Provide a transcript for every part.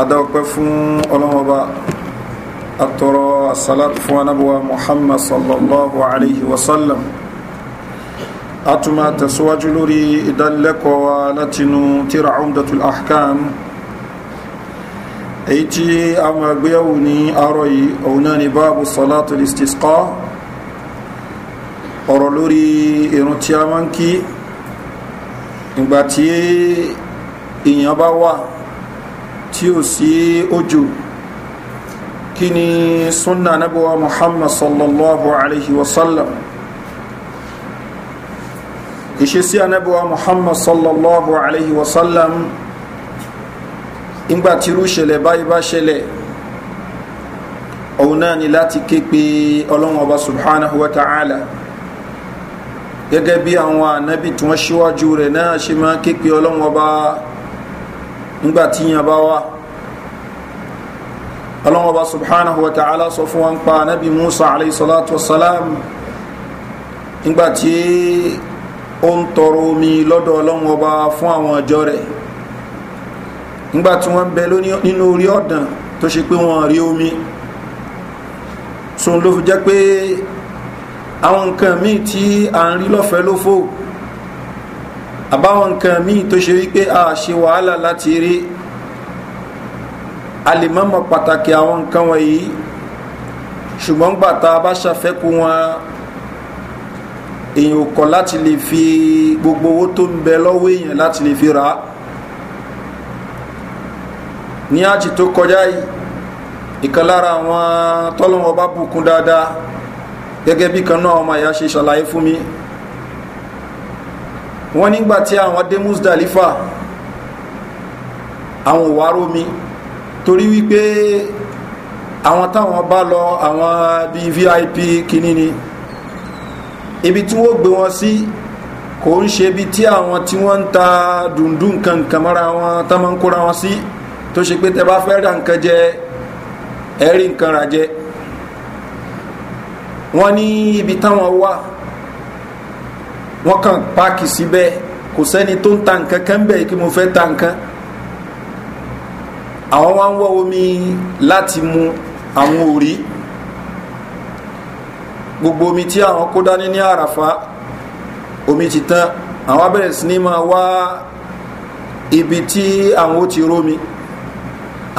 adáwọ̀pẹ́ fún ọlọ́mọba atọrọ asalatu fún anábọ̀wá muhammad sallallahu alayhi wa sallam atuma tẹ̀síwájú lórí ìdánilẹ́kọ̀ọ́ wa látinú tíra umdatul ahkam èyí tí a máa gbéyàwó ní àárọ̀ yìí òun náà ni báàbù salatu listisqa ọ̀rọ̀ lórí irun tí a máa ń kí ìgbà tí èèyàn bá wà tí ò sí òjò kí ni sunna anabiwa muhammad sallallahu alayhi wa sallam ìṣesí anabiwa muhammad sallallahu alayhi wa sallam ìgbà tí irú ìṣẹ̀lẹ̀ báyìí bá ṣẹlẹ̀ òun náà ni láti ké pe ọlọ́run ọba subhanahu wa ta'ala gẹ́gẹ́ bí àwọn ànábì tí wọ́n ṣíwájú rẹ̀ náà ṣe máa ké pe ọlọ́run ọba subhanahu wa ta'ala nígbà tí yẹn bá wá ọlọ́wọ́ bá subhanahu wa ta'ala sọ fún wa ń pa anabi musa alayhi salatu wa salam nígbà tí ó ń tọrọ omi lọ́dọ̀ ọlọ́wọ́ bá fún àwọn ọjọ́ rẹ̀ nígbà tí wọ́n ń bẹ nínú orí ọ̀dàn tó ṣe pé wọ́n rí omi sóun ló fi jẹ́ pé àwọn nǹkan míì tí à ń rí lọ́fẹ̀ẹ́ lófò àbáwọn nǹkan míì tó ṣe wípé a ṣe wàhálà láti rí a lè mọ́mọ́ pàtàkì àwọn nǹkan wọ̀nyí ṣùgbọ́n gbà tá a bá ṣàfẹ́kù wọn èèyàn kọ̀ láti lè fi gbogbo owó tó ń bẹ lọ́wọ́ èèyàn láti lè fi rà á ní àjì tó kọjá yìí ìkan lára àwọn tọ́lọ́wọ́ bá bùkún dáadáa gẹ́gẹ́ bí kan náà ọmọ ìyá ṣe ṣàlàyé fún mi wọ́n nígbà tí àwọn dé musdalifa àwọn òwárómi torí wípé àwọn táwọn bá lọ àwọn bíi vip kìíní ni ibi tí wọ́n gbé wọn sí kò ń ṣe ibi tí àwọn tí wọ́n ń ta dùndùn nǹkan nǹkan mọ́ra wọn tán máa ń kóra wọn sí tó ṣe pé tẹ bá fẹ́ ra nǹkan jẹ ẹ̀rí nǹkan rà jẹ wọ́n ní ibi táwọn wà wọ́n kàn páàkì síbẹ̀ kò sẹ́ni tó ń ta nǹkan kan bẹ́ẹ̀ kí mo fẹ́ ta nǹkan àwọn omi mu awon ori gbogbo omi ti awon kó dání ní àràfá omi ti tán àwọn abẹ́rẹ́ sí ní ibi ti awon ó ti rómi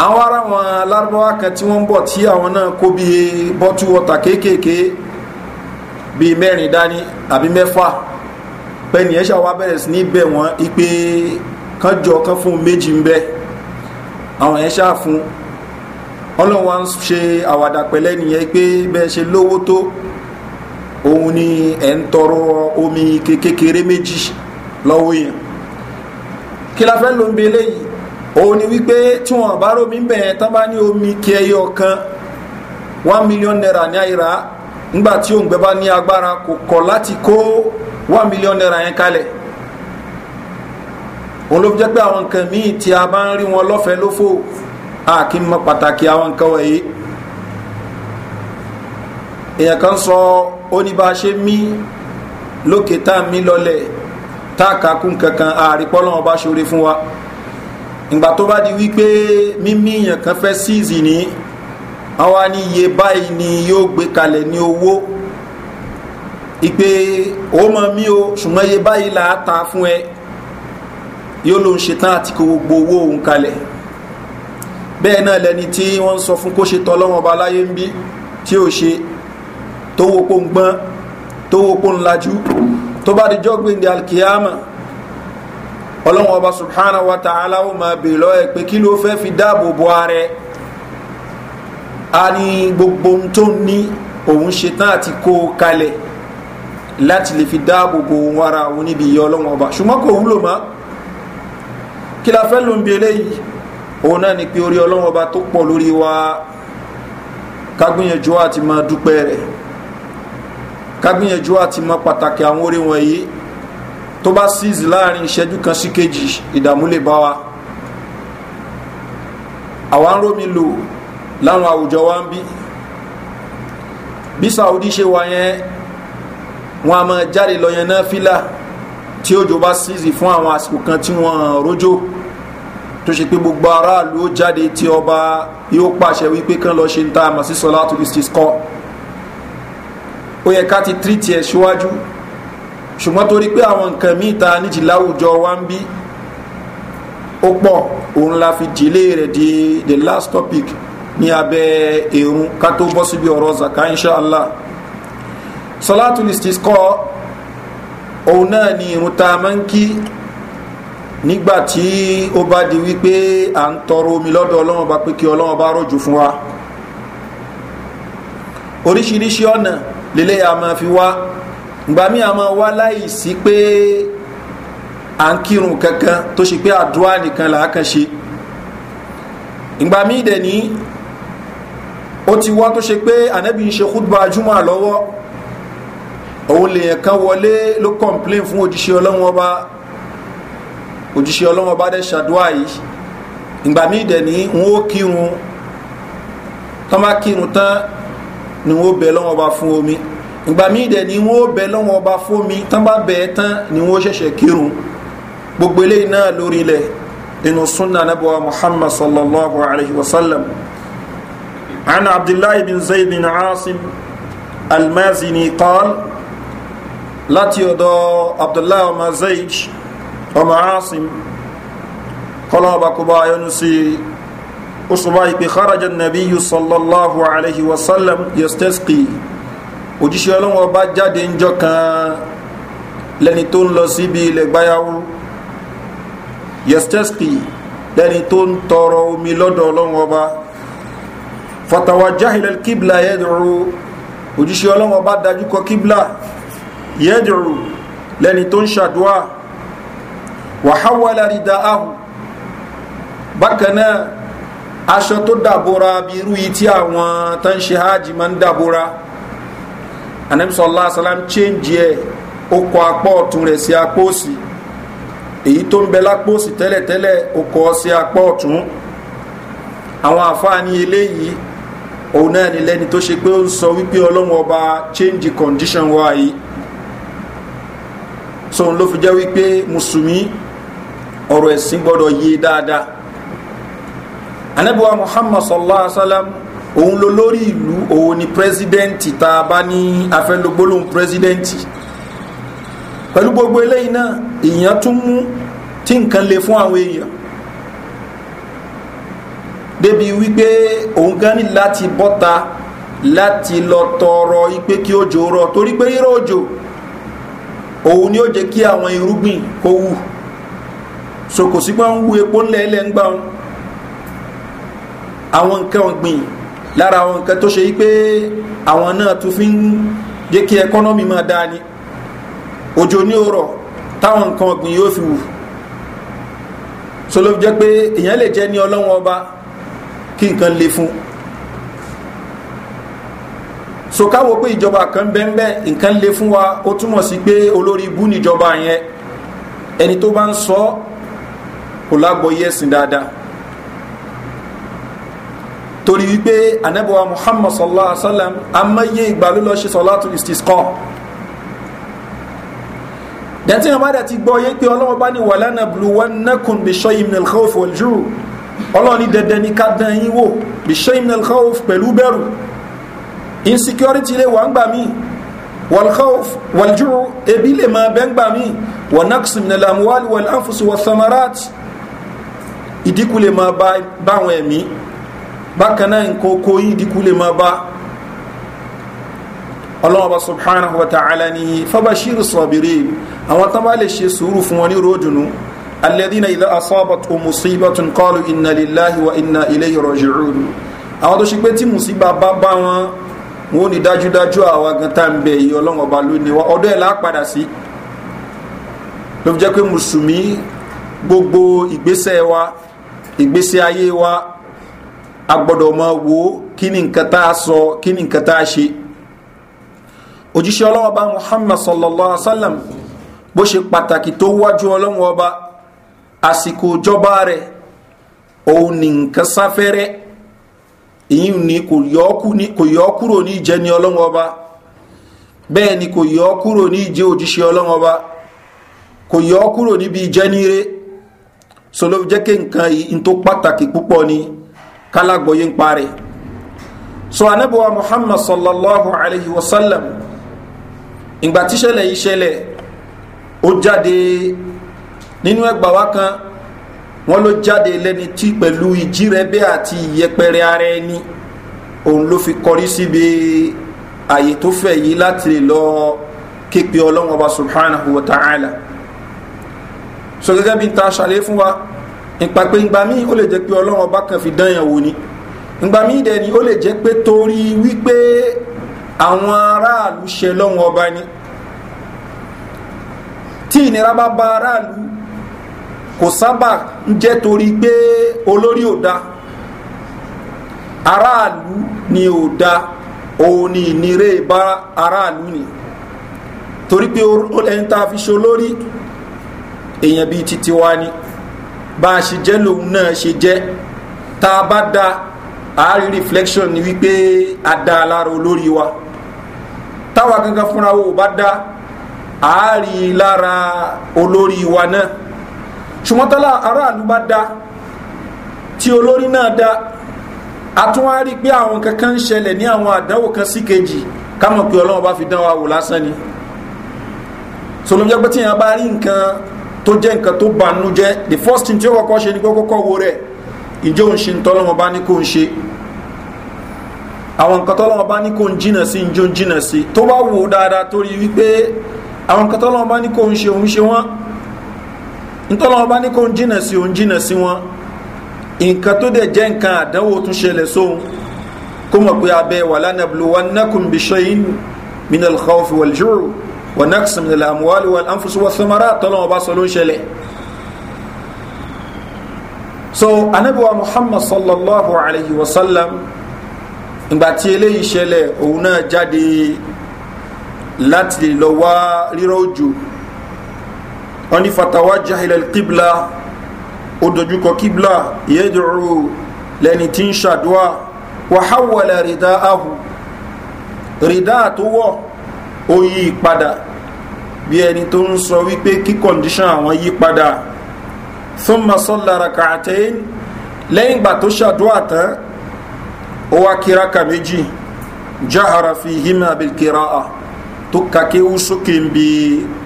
àwọn ará wọn lárúbáwá kan ti won bo ti awon àwọn ko bi bíi bọ́tú kekeke bi merin dani dání pẹ̀lú ẹ̀ṣà wa bẹ̀rẹ̀ sí ní wọ́n ipe kan fún méjì ń bẹ́ àwọn ẹ̀ṣà fún ọlọ́run ń ṣe àwàdà pẹ̀lẹ́ nìyẹn pé bẹ́ẹ̀ ṣe lówó tó òun ni ẹ̀ ń tọrọ omi kékeré méjì lọ́wọ́ yẹn kí la ló ń òun ni wípé tí wọn bá omi kí ẹyọ kan one naira ní àyíra nígbà tí bá ní kọ̀ láti kó one million naira yẹn kalẹ̀ òun ló fi jẹ́ pé àwọn nǹkan míì tí a bá ń rí wọn lọ́fẹ̀ẹ́ lófò a kì í mọ pàtàkì àwọn nǹkan wọ̀nyí èèyàn kan sọ oníbàṣe mí lókè tá a mí lọlẹ̀ tá a kà kún kankan àrípọ́ lọ́wọ́ bá ṣoore fún wa ìgbà tó bá di wípé mímí èèyàn kan fẹ́ síìzì ní àwa ní iye báyìí ni yóò gbé kalẹ̀ ní owó ìpè ó mọ o ṣùgbọ́n iye báyìí là á ta fún ẹ yóò ló ń ṣetán àti kó gbogbo owó òun kalẹ̀ bẹ́ẹ̀ náà lẹni tí wọ́n sọ fún kó ṣe tọ́lọ́wọ́n ọba láyé ń bí tí ó ṣe tó wo pò ń gbọ́n tó wo pò ń lajú tó bá di jọ́gbìn alkiyama ọlọ́wọ́n ọba subhanahu wa ta'ala ó máa bèèrè lọ́wọ́ ẹ̀ pé kí ló fẹ́ fi dáàbò bo ààrẹ a ní gbogbo ohun tó ní òun ṣetán àti kó kalẹ̀ láti lè fi dáàbò bo ohun ara òun níbi ìyá ọlọ́wọ́n ọba ṣùgbọ́n kò wúlò mọ́ kí la fẹ́ ló ń bi eléyìí òun náà ni pé orí ọlọ́wọ́n ọba tó pọ̀ lórí wa kágbìyànjú àti máa dúpẹ́ rẹ̀ kágbìyànjú àti máa pàtàkì àwọn orí wọ̀nyí tó bá síìsì láàrin ìṣẹ́jú kan sí kejì ìdààmú lè bá wa àwa ń rómi lò láwọn àwùjọ wa ń bí bí saudi ṣe wà yẹn wọn a máa jáde lọ yẹn náà fílà tí òjò bá ṣíìsì fún àwọn àsìkò kan tí wọ́n rojò tó ṣe pé gbogbo aráàlú ó jáde tí ọba yóò pàṣẹ wípé kán lọ ṣe ń ta àmọ̀ sí sọlá tó fi ṣe kọ́ ó yẹ ká ti tírìtì ẹ̀ síwájú ṣùgbọ́n torí pé àwọn nǹkan míì ta níjì láwùjọ wa ń bí ó pọ̀ òun la fi jìlé rẹ̀ di the last topic ní abẹ́ èrún ká tó bọ́ síbi ọ̀rọ̀ zaka inshallah salatul istisqa òun náà ni irun tá a máa ń kí nígbà tí ó bá di wípé à ń tọrọ omi lọ́dọ̀ ọlọ́run bá pé kí ọlọ́run bá rọ̀jò fún wa oríṣiríṣi ọ̀nà lélẹ̀ a máa fi wá ìgbà míì a máa wá láì sí pé à ń kírun kankan tó ṣe pé àdúrà nìkan là á kàn ṣe ìgbà míì dẹ̀ ní ó ti wá tó ṣe pé ànábì ń ṣe khutba júmọ̀ lọ́wọ́ òun lèèyàn kan wọlé ló complain fún òjíṣẹ́ ọlọ́wọ́n ọba òjíṣẹ́ ọlọ́wọ́n ọba dẹ́ ṣàdúrà yìí ìgbà míì dẹ̀ ní wọn ó kírun tán bá kírun tán ni wọn ó bẹ lọ́wọ́n ọba fún omi ìgbà míì dẹ̀ ní wọn ó bẹ lọ́wọ́n ọba fún omi tán bá bẹ̀ ẹ́ tán ni wọn ó ṣẹ̀ṣẹ̀ kírun gbogbo eléyìí náà lórí ilẹ̀ inú sunna nabawa muhammad sallallahu alayhi wa sallam عن عبد الله بن زيد بن عاصم المازني قال láti ọ̀dọ̀ abdullahi ọmọ zayd ọmọ asim kọlọ́ọ̀bà kó bá ayọ́nu sí ó sọ bá ìpè kharajan nabi yu sallallahu alaihi wasallam yastaski òjíṣẹ́ ọlọ́wọ́ bá jáde ń jọ kan lẹ́ni tó ń lọ síbi ilẹ̀ gbáyàwó yastaski lẹ́ni tó ń tọrọ omi lọ́dọ̀ ọlọ́wọ́ bá fatawa jahilal kibla yẹ́dùrú òjíṣẹ́ ọlọ́wọ́ bá dájú kọ kibla yẹ́dùrù lẹ́ni tó ń ṣàdúwà wàháwàlá rí dááhù bákanáà aṣọ tó dàbora bí irú yìí tí àwọn tó ń ṣe hajj máa ń dàbora anamisọ́lá asalam chéńjì ẹ̀ ó kọ apá ọ̀tún rẹ̀ sí apá èyí tó ń bẹ lápá tẹ́lẹ̀tẹ́lẹ̀ ó sí apá ọ̀tún àwọn àfáàní eléyìí òun náà ni lẹ́ni tó ṣe pé ó ń sọ wípé ọlọ́run ọba change condition wa yìí so n ló fi jẹ́ wípé mùsùlùmí ọ̀rọ̀ ẹ̀sìn gbọ́dọ̀ yé dáadáa anabiwa muhammad sallallahu alaihi wa sallam òun ló lórí ìlú òun ni pírẹsidẹ́ǹtì tá a bá ní afẹ́lógbólóhùn pírẹsidẹ́ǹtì pẹ̀lú gbogbo eléyìí náà èèyàn tún mú tí nǹkan le fún àwọn èèyàn débi wípé òun gan ní láti bọ́ta láti lọ tọrọ ipé kí òjò rọ torí pé rírọ̀ òjò òun ni ó jẹ́ kí àwọn irúgbìn kó wù so kò sí gbọ́n wu epo ńlẹ̀ ilẹ̀ ń gbà wọn àwọn nǹkan ọ̀gbìn lára àwọn nǹkan tó ṣe yí pé àwọn náà tún fi ń jẹ́ kí ẹkọ́nọ́mì máa dáa ni òjò ní òrọ̀ táwọn nǹkan ọ̀gbìn yóò fi wù so ló fi jẹ́ pé èèyàn lè jẹ́ ní ọlọ́wọ́n ọba kí nǹkan le fún un so káwo pé ìjọba kan bẹ́ńbẹ́ nǹkan le fún wa ó túmọ̀ sí pé olórí ibú níjọba yẹn ẹni tó bá ń sọ kò lágbọ́yé ẹ̀sìn dáadáa torí wípé anábọ̀wá muhammad sallallahu alaihi wa sallam amáyé ìgbà ló lọ ṣe sọ̀látù istisqa dẹ̀tí àwọn àdá ti gbọ́ yé pé ọlọ́wọ́ bá ní wàlá náà blu wọn nákùn bìṣọ́ ìmìnà khawf wal juu ọlọ́ọ̀ni dandan ní ká dán yín wò bìṣọ́ ìmìnà khawf pẹ̀lú bẹ̀rù insecurity lè wà ń gbà mí walkhawf waljuu ebi lè máa bẹ́ ń gbà mí wa naqsi min al-amwali wal anfusi wa thamarat ìdínkù lè máa bá báwọn ẹ̀mí bákan náà nǹkan oko yìí ìdínkù lè máa bá ọlọ́wọ́ bá subhanahu wa ta'ala ni fabashiru sabirin àwọn tán bá lè ṣe sùúrù fún الذين إذا أصابتهم مصيبة قالوا إن لله وإنا إليه راجعون àwọn tó ṣe pé tí wọn ò ní dájúdájú àwa gan tá à bẹ èyí ọlọ́run ọba lónìí wa ọdọ ẹ̀ là á padà sí ló fi jẹ́ pé mùsùlùmí gbogbo ìgbésẹ̀ wa ìgbésẹ̀ ayé wa a gbọ́dọ̀ máa wo kí ni nǹkan tá a sọ kí ni nǹkan tá a ṣe òjíṣẹ́ ọlọ́run ọba muhammad sallallahu alaihi wa sallam bó ṣe pàtàkì tó wájú ọlọ́run ọba àsìkò ìjọba rẹ̀ òun ní nǹkan sáfẹ́rẹ́ èyí ni kò yọ ọ́ kúrò ní ìjẹ́ ni ọlọ́run ọba bẹ́ẹ̀ ni kò yọ ọ́ kúrò ní ìjẹ́ òjíṣẹ́ ọlọ́run ọba kò yọ kúrò níbi ìjẹ́ níire sọlọ́ jẹ́ kí nǹkan in tó pàtàkì púpọ̀ ni kálágbọ́yé ń parẹ́ so anábọ̀wá muhammad sallallahu alayhi wa sallam ìgbà tíṣẹ̀lẹ̀ yìí ṣẹlẹ̀ ó jáde nínú ẹgbàá wa kan wọn ló jáde lẹni tí pẹ̀lú ìjírẹ́bẹ́ àti ìyẹpẹrẹ ara ẹni òun ló fi kọrí síbi àyè tó fẹ̀ yìí láti lọ képe ọlọ́run ọba subhanahu wa ta'ala so gẹ́gẹ́ bí n ta ṣàlẹ́ fún wa nípa pé ngbà míì ó lè jẹ́ pé ọlọ́run ọba kan fi dán yàn wò ni ngbà míì dẹ̀ ni ó lè jẹ́ pé torí wípé àwọn aráàlú ṣe lọ́run ọba ni tí ìnira bá ba aráàlú kò sábà ń jẹ́ torí pé olórí ò da aráàlú ni ò da òun ni ìnire bá aráàlú ni torí pé ẹni tá a fi ṣe olórí èèyàn bíi titi wa ni bá a ṣe jẹ́ lòun náà ṣe jẹ́ tá a bá da àárí reflection ni wípé a da lára olórí wa táwa gangan fúnra wo ò bá da àárí lára olórí wa náà ṣùgbọ́n tọ́lá aráàlú bá da tí olórí náà da àtúnwárí pé àwọn kankan ń ṣẹlẹ̀ ní àwọn àdánwò kan sí kejì kámọ̀ pé ọlọ́run bá fi dán wa wò lásán ni solomjẹ́ pé tíyẹn bá rí nǹkan tó jẹ́ nǹkan tó bànú jẹ́ the first thing tí ó kọ́kọ́ ṣe ni pé kọ́kọ́ wo rẹ̀ ìjọ ń ṣe tọ́lọ́wọ́n bá ní kó ń ṣe àwọn nǹkan tọ́lọ́wọ́n bá ní kó ń jìnà sí ìjọ ń jìnà sí tó bá wò dáadáa torí wípé àwọn nǹkan tọ́lọ́wọ́n bá ní kó ń ṣe òun ṣe wọ́n ntọ́lọ́wọ́ bá ní kó ń jìnà sí òun jìnà sí wọn nǹkan tó dẹ̀ jẹ́ nǹkan àdánwò tún ṣẹlẹ̀ sóhun kó mọ̀ pé abẹ́ wà lanabluwannakum bishayin minal khawfi wal juru wa naqsin minal amwali wal anfusi wa thamara tọ́lọ́wọ́ bá sọ ló ń ṣẹlẹ̀ so anabiwa muhammad sallallahu alayhi wa sallam ìgbà tí eléyìí ṣẹlẹ̀ òun náà jáde láti lọ wá rírọ̀ òjò wọ́n ní fatawajjah ila al-qibla ó dojúkọ kíbla yad'u lẹ́ni tí ń ṣàdúà wa hawwala ridaahu rìdá tó wọ̀ ó yí padà bí ẹni tó ń sọ wípé kí kọ̀ǹdíṣàn àwọn yí padà thumma salla rak'atayn lẹ́yìn ìgbà tó ṣàdúà tán ó wá kíráka méjì jahara fihima bil qira'a tó ka kéwú sókè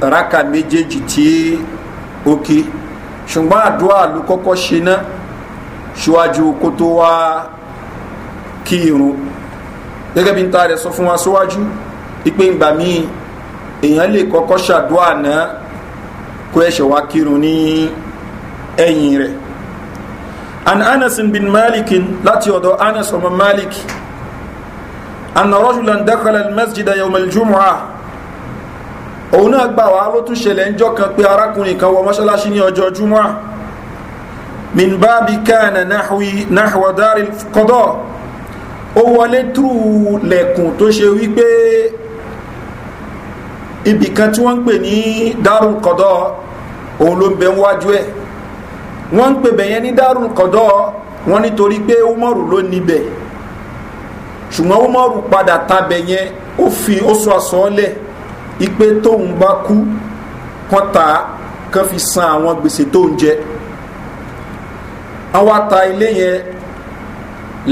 raka méjèèjì tí ó ké ṣùgbọ́n àdúrà ló kọ́kọ́ ṣe náà ṣíwájú kó tó wá kí irun gẹ́gẹ́ bí n ta rẹ̀ sọ fún wa síwájú ipe ìgbà míì èèyàn lè kọ́kọ́ ṣàdúrà náà kó ẹ̀ṣẹ̀ wá kírun ní ẹ̀yìn rẹ̀ an anas bin malik láti ọ̀dọ̀ anas ọmọ malik an rajulan dakhala al masjid yawm al jumu'ah òun náà gbà wá ló tún ṣẹlẹ̀ ń jọ́ kan pé arákùnrin kan wọ mọ́ṣáláṣí ní ọjọ́ júmọ́ min bábi káàna náhùwà dárí kọ́dọ̀ ó wọlé túrú lẹ̀kùn tó ṣe wípé ibì kan tí wọ́n ń pè ní dárùn kọ́dọ̀ òun ló ń bẹ wájú ẹ̀ wọ́n ń pè bẹ̀yẹn ní dárùn kọ́dọ̀ wọ́n nítorí pé umaru ló níbẹ̀ ṣùgbọ́n umaru padà tabẹ̀ yẹn ó fi ó sọ àsọ́ọ́lẹ̀ ipe tóun bá kú kán ta kán fi san àwọn gbèsè tóun jẹ àwọn ata ilé yẹn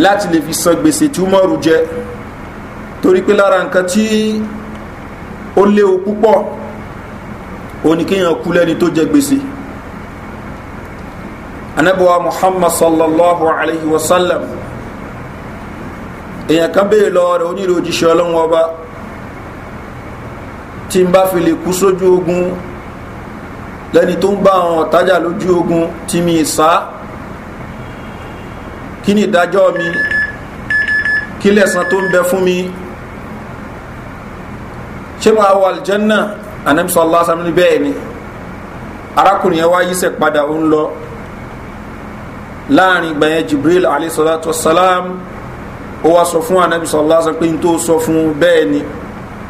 láti lè fi san gbèsè tí umaru jẹ torí pé lára nǹkan tí ó léwu púpọ̀ oníkéèyàn kú lẹ́ni tó jẹ gbèsè anabiwa muhammad sallallahu alayhi wa sallam èèyàn kan béèrè lọ́wọ́ rẹ̀ onírò òjíṣẹ́ ọlọ́run ọba tí n bá fi lè kú sójú ogun lẹ́ni tó ń bá àwọn ọ̀tájà lójú ogun tí mi sá kí ni ìdájọ́ mi kí lẹ̀san tó ń bẹ fún mi ṣé máa wà aljanna anamisa allah sami ni bẹ́ẹ̀ ni arákùnrin yẹn wá yíṣẹ́ padà ó ń lọ láàrin ìgbà yẹn jibril alayhi salatu wa salam ó wá sọ fún anamisa allah sọ pé n tó sọ fún bẹ́ẹ̀ ni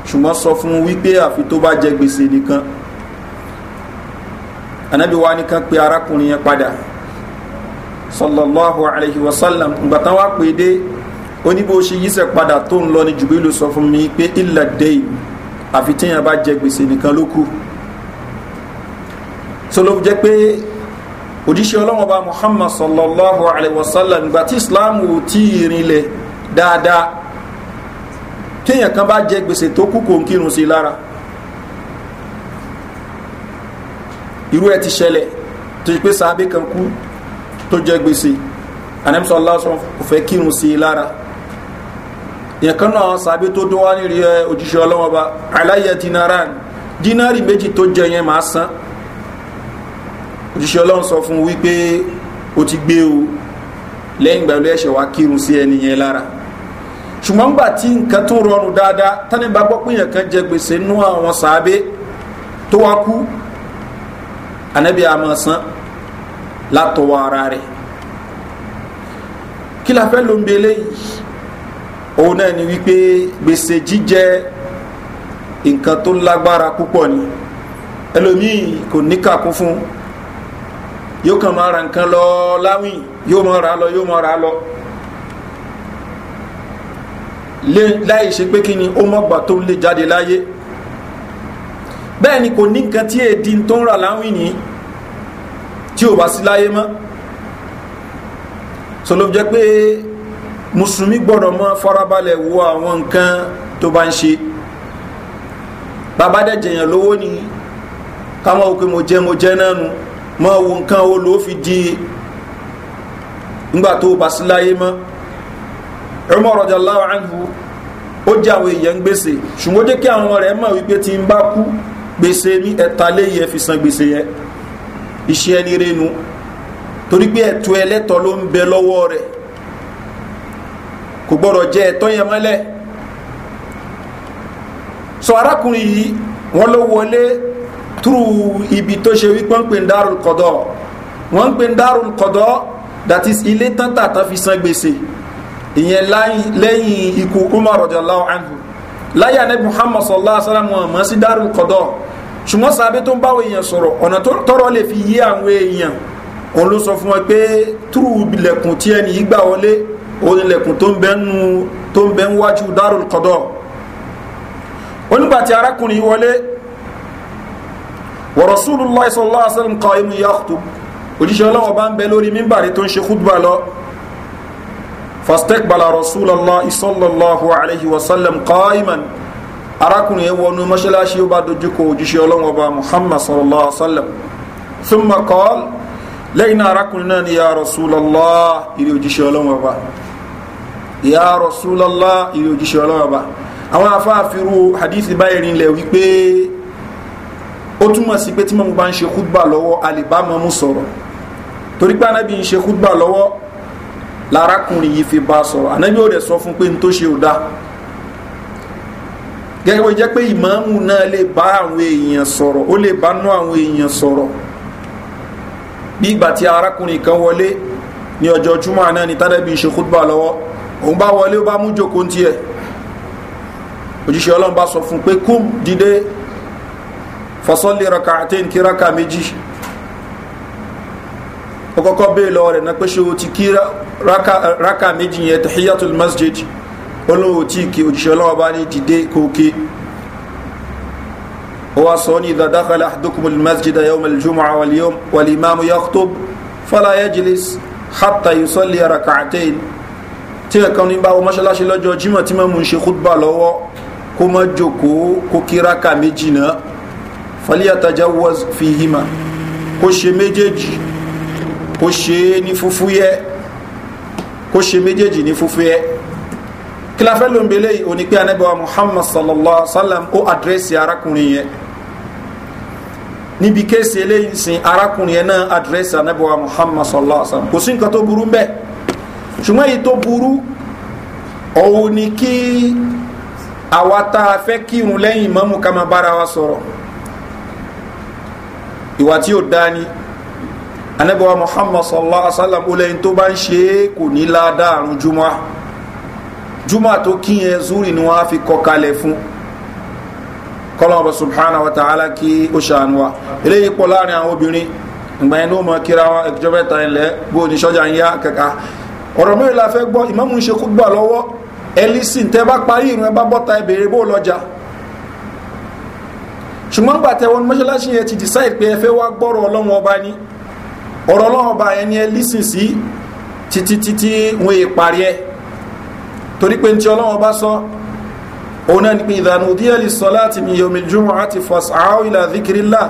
ṣùgbọ́n sọ fún un wípé àfi tó bá jẹ gbèsè nìkan anabi wa nìkan pe arákùnrin yẹn padà sallallahu alayhi wa sallam ngbàtàn wa pè dé oníbo ṣe yíṣẹ́ padà tó ń lọ ní jùbílù sọ fún mi pé illa dayn àfi téèyàn bá jẹ gbèsè nìkan ló kù sọlọ jẹ pé òjíṣẹ́ ọlọ́wọ́n bá muhammad sallallahu alayhi wa sallam gbàtí islam ò tí ì rinlẹ̀ dáadáa téèyàn kan bá jẹ gbèsè tó kú kò ń kírun sí lára irú ẹ ti ṣẹlẹ̀ tó ṣe pé sàábé kan kú tó jẹ gbèsè anamsa aláṣọ kò fẹ́ kírun sí lára èèyàn kan náà sàábé tó dún wá nírí ẹ òjíṣẹ́ ọlọ́wọ́n ba aláyẹ dinaran dínárì méjì tó jẹ yẹn máa san òjíṣẹ́ ọlọ́run sọ fún wípé o ti gbé o lẹ́yìn ìgbà ló ẹ̀ṣẹ̀ wá kírun sí ẹni yẹn lára ṣùgbọ́n gbà tí nǹkan tó rọrùn dáadáa tani bá gbọ́ pé yẹn kan jẹ gbèsè nú àwọn sàábé tó wá kú anabi àmọ́ san ara rẹ̀ kí la fẹ́ ló ń belé yìí òun náà ni wípé gbèsè jíjẹ nǹkan tó lágbára púpọ̀ ni ẹlòmíì kò níkàkún fún yóò kàn máa ra nǹkan lọ láwìn yóò máa ra lọ yóò máa ra lọ láì ṣe pé kí ni ó mọ̀gbà tó lè jáde láyé bẹ́ẹ̀ ni kò ní nǹkan tí èdè tó ń rà láwìn ní tí ò bá sí láyé mọ́ so ló jẹ́ pé mùsùlùmí gbọ́dọ̀ mọ́ farabalẹ̀ wo àwọn nǹkan tó bá ń ṣe bàbá dẹ̀ jẹ̀yàn lówó ni káwọn òkè mo jẹ́ mo jẹ́ náà nu mọ́ wo nǹkan wo ló fi di nígbà tó bá sí láyé mọ́ Umar radiyallahu anhu ó jẹ́ àwọn èèyàn gbèsè ṣùgbọ́n jẹ́ kí àwọn rẹ̀ mọ̀ wípé tí ń bá kú gbèsè mi ẹ̀ta léyìí ẹ fi san gbèsè yẹn iṣẹ́ ẹni renu torí pé ẹ̀tọ́ ẹlẹ́tọ́ ló ń bẹ lọ́wọ́ rẹ̀ kò gbọ́dọ̀ jẹ ẹ̀tọ́ yẹn mọ́lẹ̀ sọ arákùnrin yìí wọ́n ló wọlé túrú ibi tó ṣe wípé ń pè ń dárul qada wọ́n ń pè ń dárul qada that is ilé tán tàtà fi san gbèsè ìyẹn lẹ́yìn ikú umar radiyallahu anhu láyé anabi muhammad sallallahu alaihi wa sallam wọn mọ̀ sí darul qada ṣùgbọ́n sábẹ́ tó ń báwọn èèyàn sọ̀rọ̀ ọ̀nà tọ́rọ lè fi yé àwọn èèyàn òun ló sọ fún wọn pé túrú ilẹ̀kùn tí ẹni yìí gbà wọlé òun ilẹ̀kùn tó ń bẹ ń tó ń bẹ ń wájú darul qada onígbàtí arákùnrin wọlé wa rasulullahi sallallahu alaihi wa sallam qa'imun yakhutub òjíṣẹ́ ọlọ́wọ́ bá ń bẹ lórí mímbàrí tó ń ṣe khutba lọ fastakbala rasulallah sallallahu alayhi wa sallam qaiman arákùnrin yẹn wọnú mọ́ṣáláṣí ó bá dojú kọ òjíṣẹ́ ọlọ́wọ́n ọba muhammad sallallahu alayhi wa sallam thumma qala lẹ́yìn náà arákùnrin náà ni ya rasulallah ìrì òjíṣẹ́ ọlọ́wọ́n ọba ya rasulallah ìrì òjíṣẹ́ ọlọ́wọ́n ọba àwọn afáàfirú hadithi báyìí rinlẹ̀ wípé ó túmọ̀ sí pé tí mo bá ń ṣe kúdùbà lọ́wọ́ alìbámọ́mú sọ̀rọ̀ torí pé anábì ń ṣe kúdùbà lọ́wọ́ lárakùnrin yìí fi bá a sọ̀rọ̀ ànábì ò rẹ̀ sọ fún pé n tó ṣe ò dáa gẹ́gẹ́ bó jẹ́ pé ìmáàmù náà lè bá àwọn èèyàn sọ̀rọ̀ ó lè bá nú àwọn èèyàn sọ̀rọ̀ bí ìgbà tí arákùnrin kan wọlé ní ọjọ́ júmọ́ náà ni tádẹ́bí ṣe kútbà lọ́wọ́ òun bá wọlé ó bá mú jòkó tiẹ̀ òjíṣẹ́ ọlọ́run bá sọ fún pé kúm dìde fọ́sọ́lì rọ̀kà àtẹ́ǹkì rọ̀kà méjì mo kọ́kọ́ bẹ́ẹ̀ lọ rẹ̀ náà pé ṣé o ti kí raka raka méjì yẹn tahiyatul masjid olówó tí kí òjíṣẹ́ ọlọ́wọ́ bá ní dìde kókè ó wá sọ ní ìdàdákàlẹ̀ àdókùnmù masjid yawm al-jumu'a wal imamu yakhutub fala yajlis hatta yusalli rak'atayn tí ẹ̀kan ní bá wọ mọ́ṣáláṣí lọ́jọ́ jímọ̀ tí mọ́mú ń ṣe khutba lọ́wọ́ kó mọ́ jókòó kó kí raka méjì náà falyatajawas fihima kó ṣe méjèèjì kó ṣe é ní fúfúyẹ́ kó ṣe méjèèjì ní fúfúyẹ́ kí la fẹ́ ló ń belé yìí òní pé muhammad sallallahu alaihi wa sallam ó àdírẹ́sì arákùnrin yẹn níbi kéèsì eléyìí sin arákùnrin yẹn náà àdírẹ́sì anábẹ́wà muhammad sallallahu alaihi wa sallam kò sí nǹkan tó burú mbẹ́ ṣùgbọ́n èyí tó burú òun ni kí àwa tá a fẹ́ kírun lẹ́yìn mọ́mú ká máa bára wa sọ̀rọ̀ ìwà tí ó dá anabiwa muhammad sallallahu alaihi wa sallam ó lẹ́yìn tó bá ń ṣe é kò ní ládàá àrùn jumọ́ jumọ́ tó kí yẹn zuri ni wọ́n á fi kọ́ kalẹ̀ fún kọ́lọ́mọba subhanahu wa ta'ala kí ó ṣàánú wa eléyìí pọ̀ láàrin àwọn obìnrin ìgbà yẹn ló mọ kíra wọn ìjọba ìta ilẹ̀ bó ní sọ́jà ń yá kẹ̀kẹ́ ọ̀rọ̀ mẹ́rin la fẹ́ gbọ́ ìmáàmù ń ṣe kú gbà lọ́wọ́ ẹlísìn tẹ́ bá parí ìrún ẹ bá bọ́ta ẹ bèrè bó lọ́jà ṣùgbọ́n gbà tẹ́wọ́n mọ́ṣáláṣí yẹn ti decide pé ẹ fẹ́ wá gbọ́rọ̀ ọlọ́run ọba ni ọ̀rọ̀ ọlọ́run ọba ẹni ẹ lísìn sí títí títí wọn è parí ẹ torí pé tí ọlọ́run ọba sọ òun náà ni pé ìdànù díẹ̀ lè sọ láti mi yomi jùmọ̀ àti fọ̀sáwò ìlà zikirila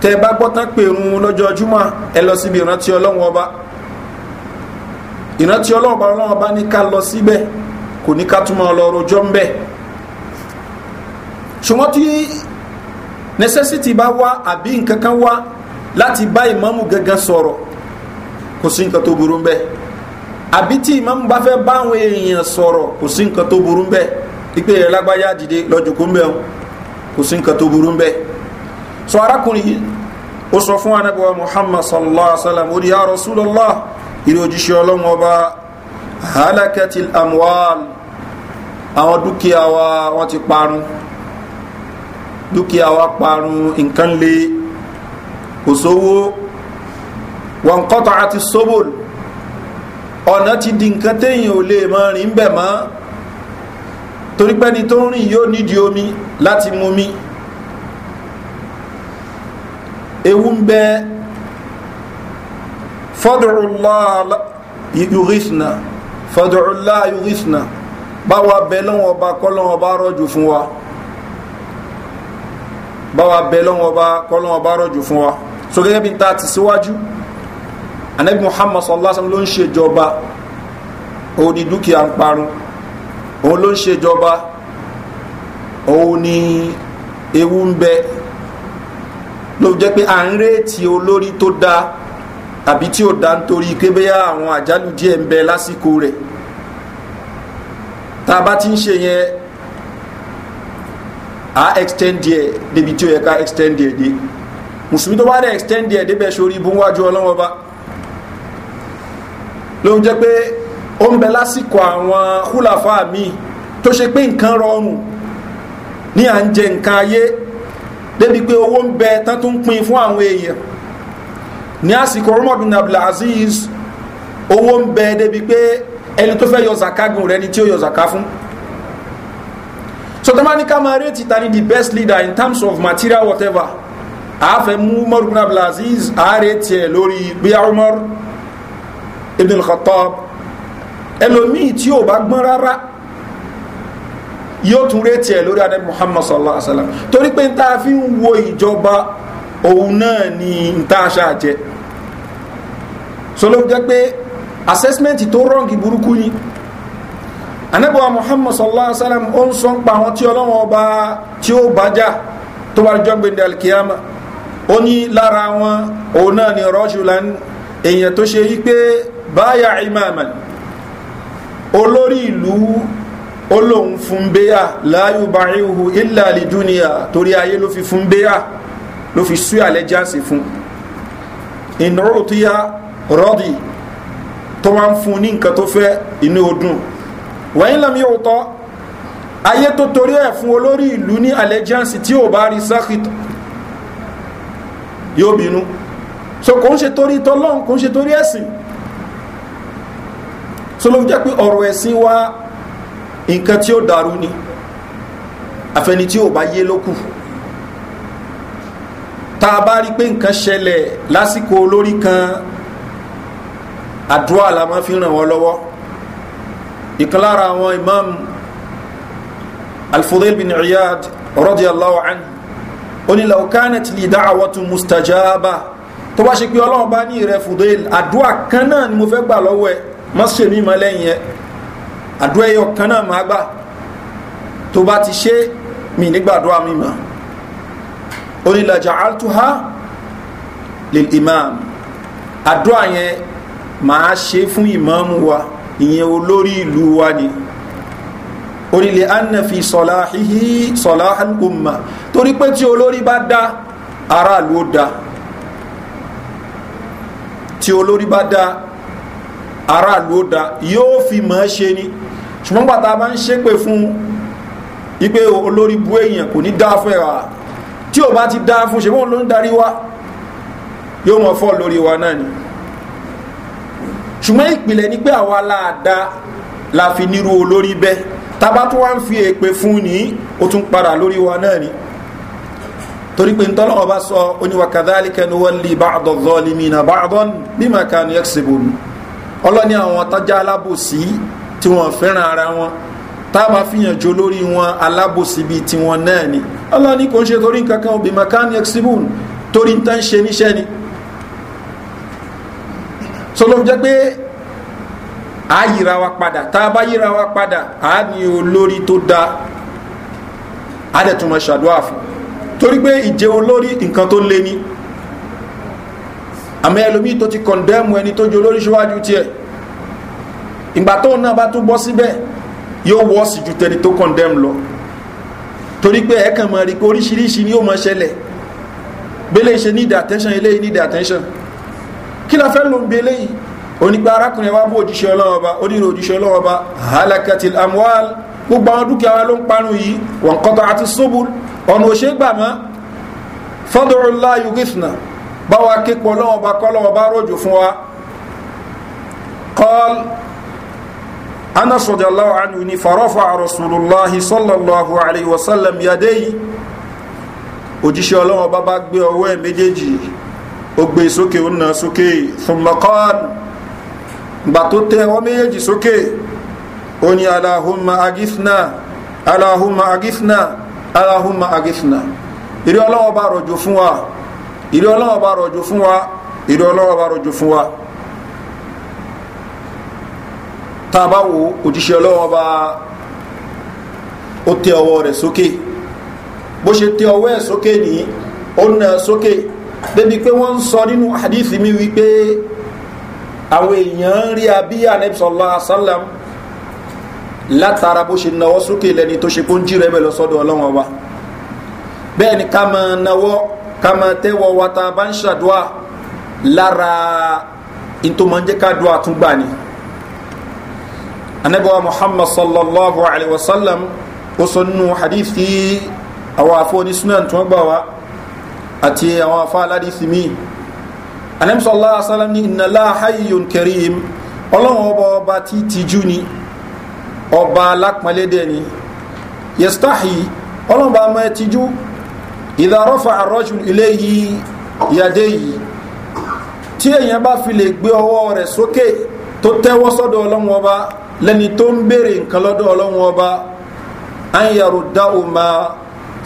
tẹ bá gbọ́tán pèrún lọ́jọ́ jùmọ̀ ẹ lọ síbi ìrántí ọlọ́run ọba ìrántí ọlọ́run ọba ọlọ́run ọba ní ká lọ síbẹ̀ kò ní ká túmọ̀ ọlọ́run ọjọ́ ń bẹ̀ ṣùgbọ́n tí necessity bá wá àbí nǹkan kan wá láti bá ìmáàmù gangan sọ̀rọ̀ kò sí nǹkan tó burú bẹ́ẹ̀ àbí tí ìmáàmù bá fẹ́ bá àwọn èèyàn sọ̀rọ̀ kò sí nǹkan tó burú bẹ́ẹ̀ ipe rẹ̀ lágbájá dìde lọ́jọ́ kó ń bẹ̀ kò sí nǹkan tó burú bẹ́ẹ̀ sọ arákùnrin yìí ó sọ fún anábẹ́wà muhammad sallallahu alaihi wa sallam ó di ya rasulallah ìrè òjíṣẹ́ ọlọ́run ọba halakatil amwal àwọn dúkìá wa wọ́n ti parun dúkìá wa parun nǹkan lé kò sówó wọn kọ́tọ̀ àti sobol ọ̀nà ti di nǹkan téèyàn ò lè mọ rìn bẹ̀ mọ́ torí pé ni tó ń rìn yóò nídìí omi láti mu mi ewu ń bẹ fọdùrùlá yurisna báwa bẹ lọ́wọ́ ọba kọ́ ọba rọ́jò fún wa báwa bẹ lọ́wọ́ ọba kọ́ ọba rọ́jò fún wa. Ba so gẹ́gẹ́ bí n ta ti síwájú anabi muhammad sallallahu alaihi wasallam ló ń ṣe ìjọba òun ni dúkìá ń parun òun ló ń ṣe ìjọba òun ni ewu ń bẹ ló jẹ́ pé à ń retí olórí tó dáa àbí tí ò dá nítorí kébéyà àwọn àjálù díẹ̀ ń bẹ lásìkò rẹ̀ tá a bá ti ń ṣe yẹn a extend díẹ̀ débi tí ó yẹ ká extend díẹ̀ dé mùsùlùmí tó bá dẹ̀ extend ẹ̀ débẹ̀ sórí ibú wájú ọlọ́wọ́ bá ló ń jẹ́ pé ó ń bẹ lásìkò àwọn húlàfà míì tó ṣe pé nǹkan rọrùn ní à ń jẹ nǹkan ayé débi pé owó ń bẹ tán tó ń pin fún àwọn èèyàn ní àsìkò Umar Abdulaziz owó ń bẹ débi pé ẹni tó fẹ́ yọ zaka gun rẹ ni tí ó yọ zaka fún so tó bá ní ká máa rétí ta ni the best leader in terms of material whatever àáfẹ́ mú umar ibn abdulaziz ààrẹ tiẹ̀ lórí bíyà umar ibn al-khattab ẹlòmíì tí ò bá gbọ́n rárá yóò tún rétí ẹ̀ lórí adébí muhammad sallallahu alaihi wa sallam torí pé n ta fi ń wo ìjọba òun náà ni n ta aṣá jẹ so ló pé assessment tó rọ́ǹgì burúkú ni anábọ̀wá muhammad sallallahu alaihi wa sallam ó ń sọ pa àwọn tí ọlọ́wọ́n ọba tí ó bá já tó bá jọ́ gbẹ̀ndẹ̀ alkiyama ó ní lára wọn òun náà ni rọ́ṣùlán èèyàn tó ṣe wípé báyà imaman olórí ìlú olóhun fún béyà láyò bá ihu ilẹ̀ àlìdúnìyà torí ayé ló fi fún béyà ló fi sú àlẹ́jáàsì fún ìnáwó tó yá rọ́dì tó wá ń fún ní nǹkan tó fẹ́ inú odùn wọ́n lọ́mí òótọ́ ayé tó torí ẹ̀ fún olórí ìlú ní àlẹ́jáàsì tí ò bá rí sákìtọ̀ yóò bínú so kò ń ṣe torí tọ́lọ́n kò ń ṣe torí ẹ̀sìn so ló fi jẹ́ pé ọ̀rọ̀ ẹ̀sìn wa nǹkan tí ó dàrú ni àfẹni tí ò bá yé lókù tá a bá rí pé nǹkan ṣẹlẹ̀ lásìkò olórí kan àdúrà la máa fi ràn wọ́n lọ́wọ́ ìkan lára àwọn imam alfudel bin iyad rọ́díyàlláhu anhu onílàukánẹ̀tì lè dá àwọ̀tú mustajaba tó bá ṣe pé ọlọ́run bá ní ìrẹ fùdóyìn àdúrà kan náà ni mo fẹ́ gbà lọ́wọ́ ẹ má ṣe mí mọ́ lẹ́yìn ẹ àdúrà ẹyọ kan náà má gbà tó bá ti ṣe mí nígbàdúrà mi mọ́ onílàjà altuha lè imam àdúrà yẹn máa ṣe fún ìmọ̀ọ́mù wa ìyẹn olórí ìlú wa ni orílẹ̀ annafi sọláhìhí sọláhàn umma torí pé tí olórí bá dá aráàlú ó dá tí olórí bá dá aráàlú ó dá yóò fi mọ̀ ẹ́ ṣe ni ṣùgbọ́n pàtà bá ń ṣépè fún ipé olórí bú èèyàn kò ní dá fún ẹ̀rà tí ò bá ti dá fún ṣe wọ́n ló ń darí wá yóò mọ̀ fọ́ lórí wa náà ni ṣùgbọ́n ìpìlẹ̀ ni pé àwa láàdá la fi nírú olórí bẹ́ẹ̀ tábà tó wá ń fi èpè fún ní ó tún padà lórí wa náà ni torí pé ntọ́lọ́ ọba sọ oníwàkàdálì kẹnu wọ́n lè bá àdọ̀ zọ́ọ̀lìmí na bá àdọ̀ bí màá kanu yẹ́kṣẹ̀bù ọlọ́ni àwọn tájá alábòsí tí wọ́n fẹ́ràn ara wọn tábà fihàn jo lórí wọn alábòsí bíi tiwọn náà ni ọlọ́ni kò ń ṣe torí nǹkan bí màá kanu yẹ́kṣẹ̀bù torí ń tán ṣe níṣẹ́ ni sọlọ́m jẹ́ pé a yíra wa padà tá a bá yíra wa padà a ní olórí tó dáa a dẹ̀ tún mọ ṣàdúrà fún torí pé ìjẹ olórí nǹkan tó lé ní àmọ́ ẹlòmíì tó ti kọ̀ndẹ́mù ẹni tó jẹ olórí síwájú tiẹ̀ ìgbà tóun náà bá tún bọ́ síbẹ̀ yóò wọ́ọ̀sì ju tẹni tó kọ̀ndẹ́mù lọ torí pé ẹ̀kan mọ̀ rí pé oríṣiríṣi ni yóò mọ ṣẹlẹ̀ bẹ́lẹ̀ ṣe need attention eléyìí need attention kí la fẹ́ ló ń eléyìí onígbà arákùnrin wa bó òjíṣẹ́ ọlọ́wọ́ bá onírò òjíṣẹ́ ọlọ́wọ́ bá halakatil amwal gbogbo àwọn dúkìá wa ló ń parun yìí wọn kọ́tọ̀ àti ṣubú ọ̀nà òṣè gbà mọ́ fọ́dọ̀rọ̀lá yugithna bá wa képo ọlọ́wọ́ bá kọ́ bá rọ̀jò fún wa kọ́l anas radiyallahu ni farafa gbà tó tẹ ọwọ́ méjèèjì sókè ó ní aláhùnmá agífínà aláhùnmá agífínà aláhùnmá agífínà ìrí ọlọ́wọ́ bá rọ̀jò fún wa ìrí ọlọ́wọ́ bá rọ̀jò fún wa ìrí ọlọ́wọ́ bá rọ̀jò fún wa tá òjíṣẹ́ ọlọ́wọ́ bá ó tẹ ọwọ́ rẹ̀ sókè bó ṣe tẹ mi wípé àwọn èèyàn rí abí anabi sallallahu alaihi wasallam látara bó ṣe nawọ́ sókè lẹ́ni tó ṣe kó ń jí rẹ̀ bẹ́ẹ̀ lọ sọ́dọ̀ ọlọ́wọ́n wa bẹ́ẹ̀ ni ká máa nawọ́ ká máa bá ń ṣàdúà lára ìtòmọ̀jẹ́ ká dùn àtúngbà ni muhammad sallallahu alaihi wasallam ó sọ nínú hadithi àwọn afọ́ ní sunan tí wọ́n gbà wá àti àwọn afọ́ aládìsí míì anamisa allah asalam ni innala hayyun kareem ọlọ́run ọba ọba tí tìjú ni ọba alápọ̀nlédè ni yastahi ọlọ́run bá máa tìjú idha rafa ar-rajul ilayhi yadayhi tí èèyàn bá fi lè gbé ọwọ́ rẹ̀ sókè tó tẹ́wọ́ sọ́dọ̀ ọlọ́run ọba lẹ́ni tó ń béèrè nǹkan lọ́dọ̀ ọlọ́run ọba an yaruddahu ma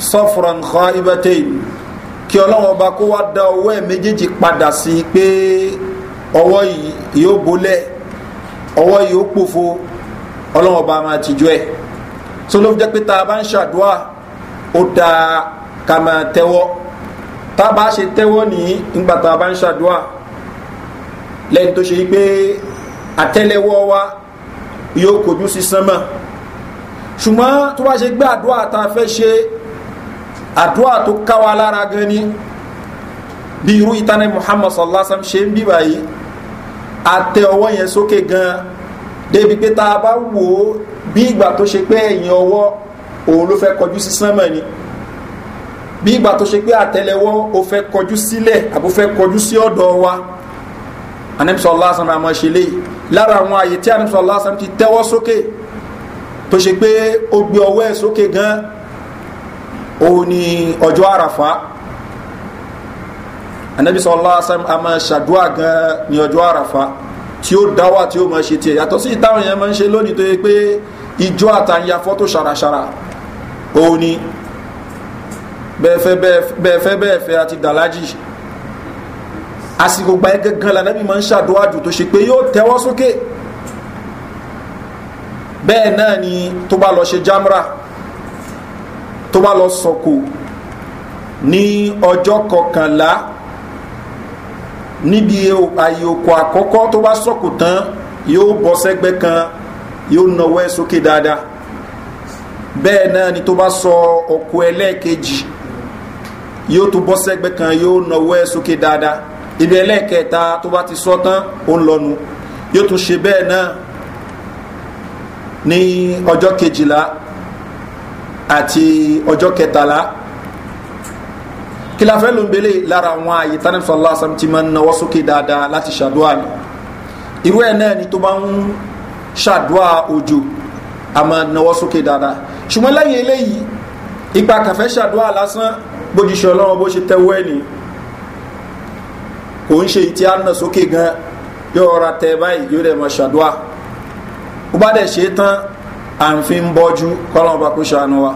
safran khaibatayn kí ọlọ́wọ́n ọba kó wá dá ọwọ́ ẹ̀ méjèèjì padà sí i pé ọwọ́ yìí yóò bolẹ̀ ọwọ́ yìí ó pòfo ọlọ́wọ́n ọba máa tìjú ẹ̀ tó ló fi jẹ́ pé tá a bá ń ṣàdúrà ó dáa ká máa tẹ́wọ́ tá a bá ṣe tẹ́wọ́ ní nígbà tá a bá ń ṣàdúrà lẹ́yìn tó ṣe yí pé àtẹ́lẹ́wọ́ wa yóò kojú sí sánmà ṣùgbọ́n tó bá ṣe gbé àdúrà tá a fẹ́ ṣe àdúrà tu káwa lára gan itane muhammad sallallahu alaihi wasallam ṣe ń bí báyìí àtẹ ọwọ́ yẹn sókè gan débi pé tá a bá wò ó bí ìgbà tó ṣe pé ẹ̀yìn ọwọ́ òun ló fẹ́ kọjú sí sánmọ̀ ni bí ìgbà tó ṣe pé àtẹlẹwọ́ ó fẹ́ kọjú sílẹ̀ àbó fẹ́ kọjú sí ọ̀dọ̀ wa anamsọ lásán àmọ́ ṣe léyìí lára àwọn àyè tí anamsọ lásán ti tẹ́wọ́ sókè tó ṣe pé ó gbé ọwọ́ ẹ̀ sókè gan oni ni ọjọ́ àràfà anabi sọlá asam ama ṣàdúrà gan ni ọjọ́ àràfà tí ó dáwà tí ó máa ṣe tiẹ̀ yàtọ̀ sí ìtàwọn yẹn máa ń ṣe lónìí tó yẹ pé ijó àtàyà fọ́tò ṣàràṣàrà òun ni bẹ́ẹ̀fẹ́ bẹ́ẹ̀fẹ́ bẹ́ẹ̀fẹ́ àti dàlájì àsìkò gba ẹgẹ gan lànàbí máa ń ṣàdúrà jù tó ṣe pé yóò tẹ́wọ́ sókè bẹ́ẹ̀ náà ni tó bá lọ ṣe jámúra tó bá lọ sọ̀kò ní ọjọ́ kọkànlá níbi ààyè òkò àkọ́kọ́ tó bá sọ̀kò tán yóò bọ́ sẹ́gbẹ́ kan yóò nawọ́ ẹ̀ sókè dáadáa bẹ́ẹ̀ náà ni tó bá sọ ọkọ̀ ẹlẹ́ẹ̀kejì yóò tún bọ́ sẹ́gbẹ́ kan yóò nawọ́ ẹ̀ sókè dáadáa ibi ẹlẹ́ẹ̀kẹta tó bá ti sọ tán ó ń lọnu yóò tún ṣe bẹ́ẹ̀ náà ní ọjọ́ kejìlá àti ọjọ́ kẹtàlá kìláfẹ́ ló ń belé lára àwọn ààyè tánà sọlá sam ti máa ń nawọ́ sókè dáadáa láti ṣàdúrà ni irú ẹ̀ náà ni tó bá ń ṣàdúrà òjò a máa nawọ́ sókè dáadáa ṣùgbọ́n lẹ́yìn eléyìí ipa kàfẹ́ ṣàdúrà lásán bójúṣe ọlọ́run bó ṣe tẹ́wọ́ ẹ̀ nìyí kò ń ṣe ìtí àná sókè gan yóò ra tẹ báyìí yóò dẹ̀ mọ̀ ṣàdúrà ó bá dẹ̀ ṣe é tán à ń fi ń bọ́jú wa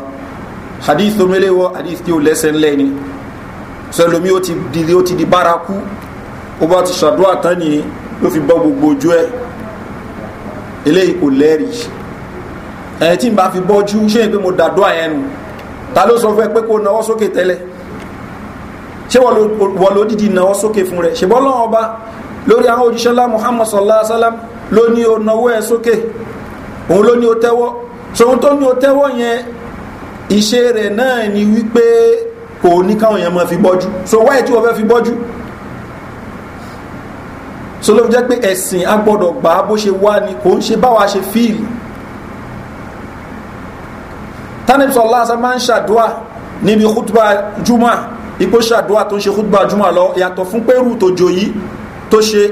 hadith tó mélé wọ hadith tí ó lẹ́sẹ̀ ńlẹ̀ ni sẹlómi ó ti di ó ti di bárakú ó bá ti ṣàdúrà tán ni ló fi bọ́ gbogbo ojú ẹ̀ eléyìí kò lẹ́rìí ẹ̀yìn tí n bá fi bọ́jú ṣé pé mo dàdúrà yẹn nu ta ló sọ fún ẹ pé kó nawọ́ sókè tẹ́lẹ̀ ṣé wọ́n ló dìdí nawọ́ sókè fún rẹ̀ ṣèbọ́ lọ́wọ́ ọba lórí àwọn òjíṣẹ́lá muhammad sallallahu alaihi wa sallam ló ní o nawọ́ ẹ sókè òun ló ní o tẹ́wọ́ sóhun tó ní o tẹ́wọ́ yẹn ìṣe rẹ̀ náà ni wípé kò ní káwọn yẹn máa fi bọ́jú so wáyé tí wọ́n fẹ́ fi bọ́jú so ló jẹ́ pé ẹ̀sìn a gbà bó ṣe wá ni kò ń ṣe báwa ṣe fíìlì tánìbí sọ lásán máa ń ṣàdúà níbi kútùbà júmọ̀ ipò ṣàdúà tó ń ṣe kútùbà júmọ̀ lọ yàtọ̀ fún pẹ́rù tó jòyí tó ṣe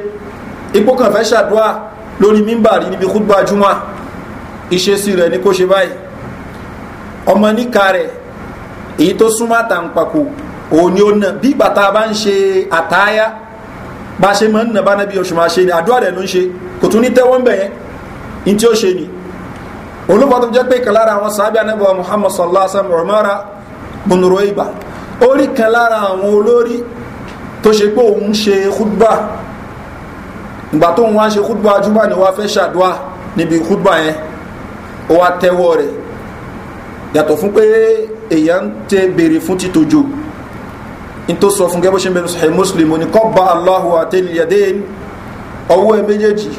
ipò kan fẹ́ ṣàdúà lórí mímbàrí níbi kútùbà júmọ̀ ìṣesí rẹ̀ ní kó ṣe báyìí ọmọ níka rẹ̀ èyí tó súnmọ́ àtàǹpàkò òun ni ó nà bí ìgbà tá a bá ń ṣe àtáyá bá a ṣe máa ń nà bá náà ṣe ni àdúrà rẹ̀ ló ń ṣe kò tún ní tẹ́wọ́ ń bẹ̀ yẹn ní tí ó ṣe ni olùkọ́ tó jẹ́ pé kan lára àwọn sàábì anábọ̀ muhammad sallallahu alaihi wa sallam umara bunuro ibà ó rí kan lára àwọn olórí tó ṣe pé òun ṣe khutba ìgbà tóun wá ṣe khutba ajúmọ̀ ni wàá fẹ́ ṣàdúà níbi khutba yẹn ó wá tẹ́wọ́ rẹ̀ yàtọ̀ fún pé èèyàn tẹ béèrè fún títojo n tó sọ fún gẹ́bọ́sẹ̀ mẹ́rin sọ̀hẹ́ muslim ní kọ́ba aláhu àtẹlẹ́dẹ́ ọwọ́ ẹ méjèèjì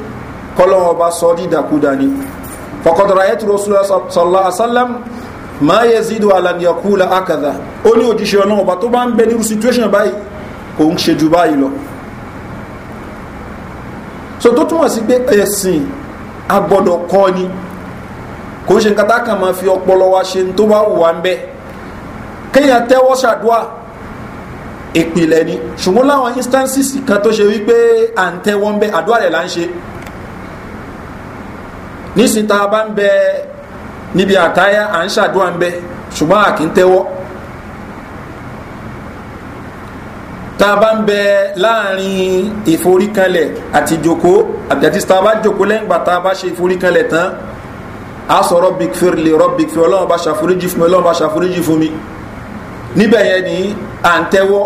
kọ́lọ́wọ́ bá sọ dídàkudà ni fọkọ̀dọ̀rọ̀ ayé tí rasulullah sallallahu alaihi wasallam ma yẹ zidu alaniyakula akada ó ní òjíṣẹ́ ọlọ́run ọba tó bá ń bẹ nírú situation báyìí kò ń ṣe ju báyìí lọ so tó túmọ̀ sí pé ẹ̀sìn agbọ́dọ̀ kọ́ ni kò ń ṣe nǹkan tá a kàn máa fi ọpọlọ wa ṣe tó bá wù wá ń bẹ kéèyàn tẹ́wọ́ ṣàdúrà ìpìlẹ̀ ni ṣùgbọ́n láwọn instances kan tó ṣe wípé à ń tẹ́wọ́ ń bẹ àdúrà rẹ̀ là ń ṣe nísìnyí tá a bá ń bẹ níbi àtáyá à ń ṣàdúrà ń bẹ ṣùgbọ́n à kì í tẹ́wọ́ tá a bá ń bẹ láàrin ìforíkanlẹ̀ àti ìjòkó àti àti tá a bá jòkó lẹ́yìn ìgbà tá a bá ṣe ìforíkanlẹ̀ tán a sọ rọ́bìk fèrèlè rọ́bìk fèrè ọlọ́run bá ṣàforíjì fún mi ọlọ́run bá ṣàforíjì fún mi níbẹ̀ yẹn ni à ń tẹ́wọ́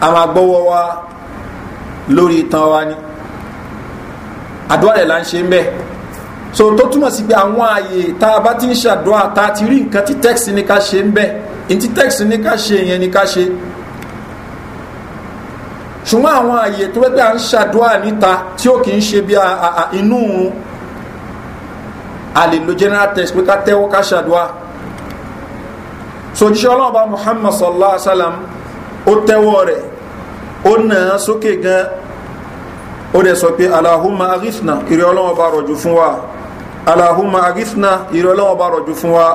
a máa gbọ́wọ́ wa lórí itan wa ni àdúrà rẹ̀ là ń ṣe ń bẹ́ẹ̀ so tó túmọ̀ sí pé àwọn ààyè tá a bá ti ń ṣàdúrà tá a ti rí nǹkan tí tẹ́ẹ̀sì ní ká ṣe ń bẹ́ẹ̀ ní tí tẹ́ẹ̀sì ní ká ṣe yẹn ní ká ṣe ṣùgbọ́n àwọn ààyè tó bẹ́ẹ̀ à ń ṣàdúrà níta tí ó kì í ṣe bí inú òun a lè lo general text pé ká tẹ́wọ́ ká ṣàdúrà sojíṣẹ́ ọlọ́run bá muhammad sallallahu alaihi wa sallam ó tẹ́wọ́ rẹ̀ ó nà án sókè gan ó dẹ̀ sọ pé alahuma agifna ìrẹ́ ọlọ́run bá rọ̀jù fún wa alahuma agifna ìrẹ́ ọlọ́run bá rọ̀jù fún wa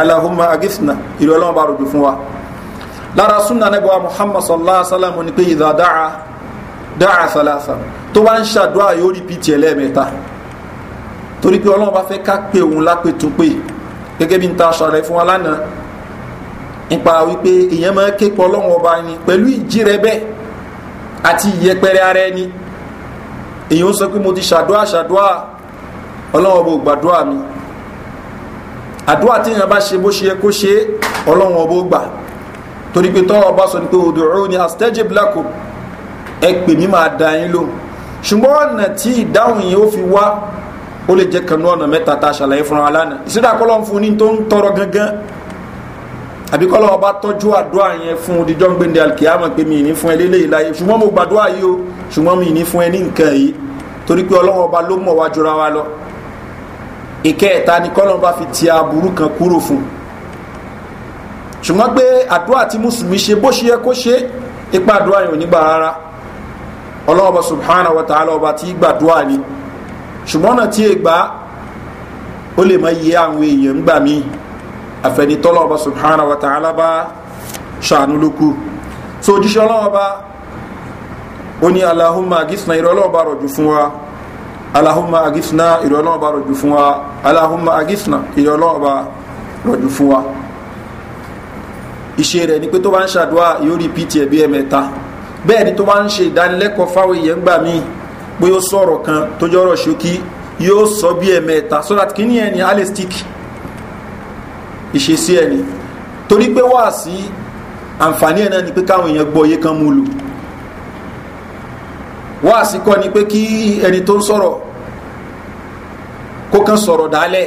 alahuma agifna ìrẹ́ ọlọ́run bá rọ̀jù fún wa lára súnà nẹ́bọ̀ muhammad sallallahu alaihi wa sallam ni pé ìdá dáa dáa salasa tó bá ń ṣàdúrà yóò rí pt ẹlẹ́mẹ̀ta torí pé ọlọ́run bá fẹ́ ká pé òun lápé tún pé gẹ́gẹ́ bí n ta ṣàlẹ̀ fún wa lánàá nípa wípé èèyàn máa ké pọ̀ ọlọ́run ọba ni pẹ̀lú ìjì rẹ bẹ́ẹ̀ àti ìyẹpẹrẹ ara ẹni èèyàn sọ pé mo ti ṣàdúrà ṣàdúrà ọlọ́run ọba ò gbàdúrà mi àdúrà tí èèyàn bá ṣe bó ṣe yẹ kó ṣe ọlọ́run ọba ó gbà torí pé tọ́wọ́ ọba sọ ni pé odòrò ni astagib lakum ẹ pè mí máa da yín lóhùn ṣùgbọ́n ọ̀nà tí ìdáhùn yìí ó fi wá ó lè jẹ́ kanú ọ̀nà mẹ́ta tá a ṣàlàyé fúnra wa lánàá ìsídà kọ́lọ́ ń fún ní tó ń tọrọ gangan àbí kọ́lọ́ ọba tọ́jú àdúrà yẹn fún odijọ́ ń gbéǹde alkiyama pé mi ní fún ẹ lélẹ́yìí láyé ṣùgbọ́n mo gbàdúrà yìí o ṣùgbọ́n mi ní fún ẹ ní nǹkan yìí torí pé ọlọ́wọ́n ọba ló mọ̀ wá jura wa lọ ìkẹẹ̀ta ni kọ́lọ́ ọba fi ti aburú kan kúrò fún ṣùgbọ́n pé àdúrà tí mùsùlùmí ṣe bó ṣe yẹ kó ṣe ipa àdúrà yẹn ò ní gbà rárá ọlọ́wọ́n subhanahu wa ta'ala ọba tí gbàdúrà ni. ṣùgbọ́n ọ̀nà tí ègbà ó lè máa yẹ àwọn èèyàn gbà mí àfẹnitọ́lọ́ ọba subhanahu wa ta'ala bá ṣàánú lókù so ojúṣe ọlọ́wọ́ ó ní aláhùnmá àgísùnà ìrọ̀lọ́wọ́ bá rọ̀jù wa rọ̀jù fún wa rọ̀jù fún wa ìṣe rẹ̀ ni pé tó bá ń ṣàdúrà yóò rí pt ẹ̀bí ẹ̀mẹ́ta bẹ́ẹ̀ ni tó bá ń ṣe ìdánilẹ́kọ̀ọ́ fáwọn èèyàn pé ó sọ̀rọ̀ kan tó jọ́rọ̀ ṣókí yóò sọ bí ẹ̀mẹ́ta so that kí ni ẹni a lè stick ìṣesí ẹni torí pé wá sí àǹfààní ẹ̀ náà ni pé káwọn èèyàn gbọ́ iye kan mú lò wá sí kọ́ ni pé kí ẹni tó ń sọ̀rọ̀ kó kàn sọ̀rọ̀ dálẹ̀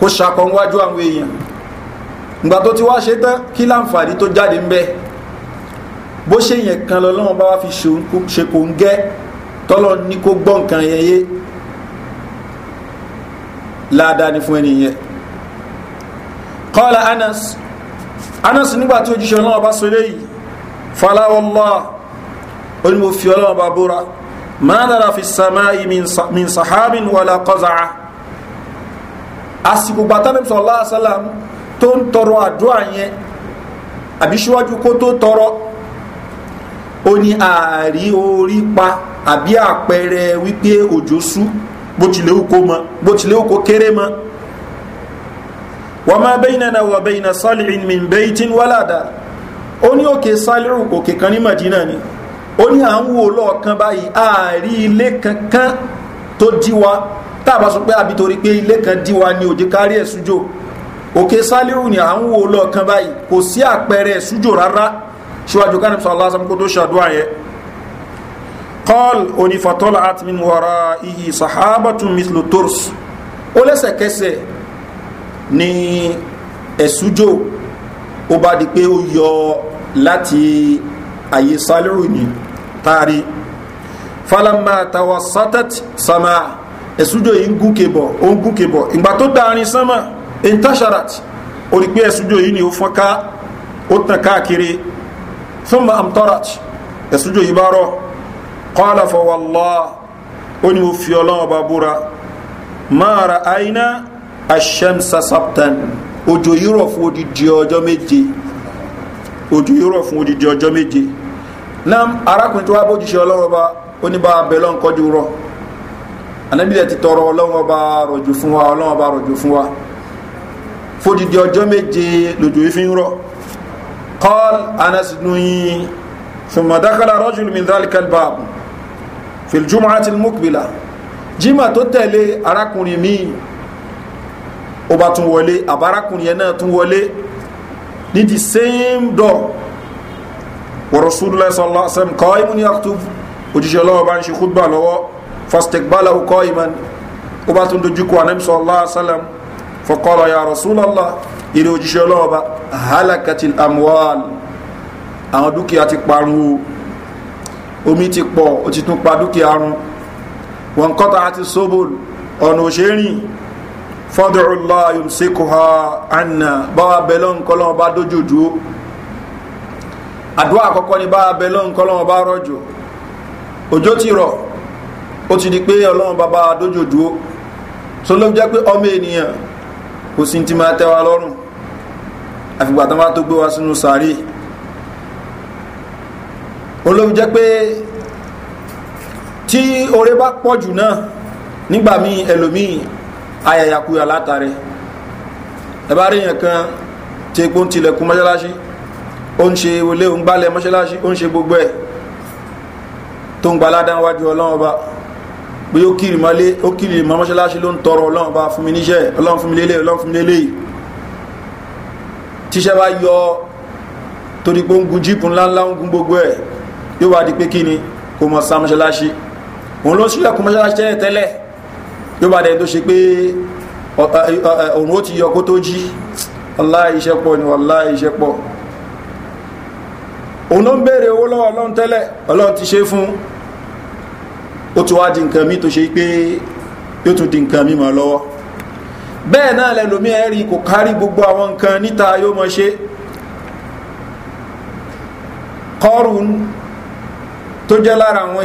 kó ṣakọ̀ wájú àwọn èèyàn ìgbà tó ti wá ṣe tán kí láǹfààní tó jáde ń bẹ́ẹ̀ bó ṣe yẹn kan lọ́lọ́wọ́n bá wá fi ṣe kò ń gẹ́ tọ́lọ́ ní kó gbọ́ nǹkan yẹn yé láadáa ni fún ẹni yẹn kọ́lá anas anas nígbà tí ojúṣe ọlọ́wọ́n bá sọ léyìí faláwọ́lá ó ní mo fi ọlọ́wọ́n bá bóra máa dára fi sàmáì min sahabin wàlá kọ́zàá àsìkò gbàtánìm sọ̀lá àsálàm tó ń tọrọ àdúrà yẹn àbí síwájú kó tó tọrọ ó ní ààrí orí pa àbí àpẹẹrẹ wípé òjò sú bó tilẹ̀ mọ bó kéré mọ wọ́n máa bẹ́yìn náà wọ́n bẹ́yìn náà sọ́lìrín mi bẹ́yìn tí wọ́n láda ó ní òkè sọ́lìrín òkè kan ní madina ni ó ní à ń wò lọ́ọ̀kan báyìí ààrí ilé kankan tó díwa tá a sọ pé àbí torí pé ilé kan díwa ni òjì kárí ẹ̀ sújò òkè sọ́lìrín ni à ń wò lọ́ọ̀kan báyìí kò sí àpẹẹrẹ ẹ̀ sújò rárá ṣíwájú ká nípa sọ́lá sọ́mọ́ kó tó ṣàdúrà yẹ kọ́l onífàtọ́lá atmin wara iyì sahabatun mislu tors ó lẹ́sẹ̀kẹsẹ̀ ní ẹ̀sújò ó bá di pé ó yọ láti àyè sálẹ́rù ní taari falama tawasatat sama ẹ̀sújò yìí ń gúnkè bọ̀ ó ń gúnkè bọ̀ ìgbà tó dáárín sánmà intasharat ó di pé ẹ̀sújò yìí ni ó fọ́nká ó tàn káàkiri ثم amtarat يسجد yìí قال فوالله qala fa الله ó ní mo الشمس ọlọ́wọ́ bá búra ma ra'ayna ash-shamsa sabtan òjò yìí rọ̀ fún odidi ọjọ́ méje òjò yìí rọ̀ fún odidi ọjọ́ méje náà arákùnrin tó wá bójúṣe ọlọ́wọ́ bá oníbà abẹ́lọ́ nkọ́jú ti tọrọ ọlọ́wọ́ bá rọ̀jò fún wa ọlọ́wọ́ bá rọ̀jò fún wa fódidi ọjọ́ méje lòjò yìí fi ń rọ̀ قال أنس بن ثم دخل رجل من ذلك الباب في الجمعة المقبلة جمعة تتلي أراكني مي أباتنولي أباراكني أنا تنولي did the same door warasulullah sallallahu alaihi wasallam qaimun yaktub òjíṣẹ́ Ọlọ́run bá ń ṣe khutba lọ́wọ́ fastaqbalahu qaiman ó bá tún dojú kọ Ànábì sallallahu alaihi wasallam faqala ya rasulallah ìrè òjíṣẹ́ ọlọ́wọ́ bá halakati amwal àwọn dúkìá ti parun o omi ti pọ̀ o ti tún pa dúkìá run wọn kọ́ta àti sobol ọ̀nà òṣèrìn fọ́dọ̀rọ̀lá yomsekuha anna báwa bẹ̀lọ́ nkọ́lọ́wọ́ bá dójú dúó àdúrà àkọ́kọ́ ni báwa bẹ̀lọ́ nkọ́lọ́wọ́ bá rọ̀jò òjò ti rọ̀ ó ti di pé ọlọ́run bàbá dójú dúó tó ló jẹ́ pé ọmọ ènìyàn kò sí ti máa tẹ́wa lọ́rùn àfìgbà tó máa tó gbé wa sínú sàárè olóbi jẹ́ pé tí oore bá pọ̀ jù náà nígbà míì ẹlòmíì ayayakuya látàrí ẹ bá rí yẹn kan tí epo ń tilẹ̀kùn mọ́ṣáláṣí ó ń ṣe olé ń gbálẹ̀ mọ́ṣáláṣí ó ń ṣe gbogbo ẹ̀ tó ń gbalá dánwájú ọlọ́run ọba bí ó kiri mọ́ mọ́ṣáláṣí ló ń tọrọ ọlọ́run ọba fún mi níṣẹ́ ọlọ́run fún mi lélẹ̀ ọlọ́run fún mi lélẹ̀ tíṣẹ́ bá yọ torí pé ń gun jíìpù ńláńlá ń gun gbogbo ẹ̀ yóò wá di pé kí ni kò mọ̀ sá mọ́ṣáláṣí òun ló sílẹ̀kùn mọ́ṣáláṣí tẹ́lẹ̀ tẹ́lẹ̀ yóò bá dẹ̀ tó ṣe pé òun ó ti yọ kó tó jí wallahi iṣẹ́ pọ̀ ni wallahi iṣẹ́ pọ̀ òun ló ń béèrè owó lọ́wọ́ ọlọ́run tẹ́lẹ̀ ọlọ́run ti ṣe fún ó tún wá di nǹkan mi tó ṣe pé yóò tún di nǹkan mi mọ́ lọ́wọ́ bẹ́ẹ̀ náà lẹ́lòmí ẹ̀rí kò kárí gbogbo àwọn nǹkan níta yóò mọ̀ ṣe kọrùn tó jẹ́ lára àwọn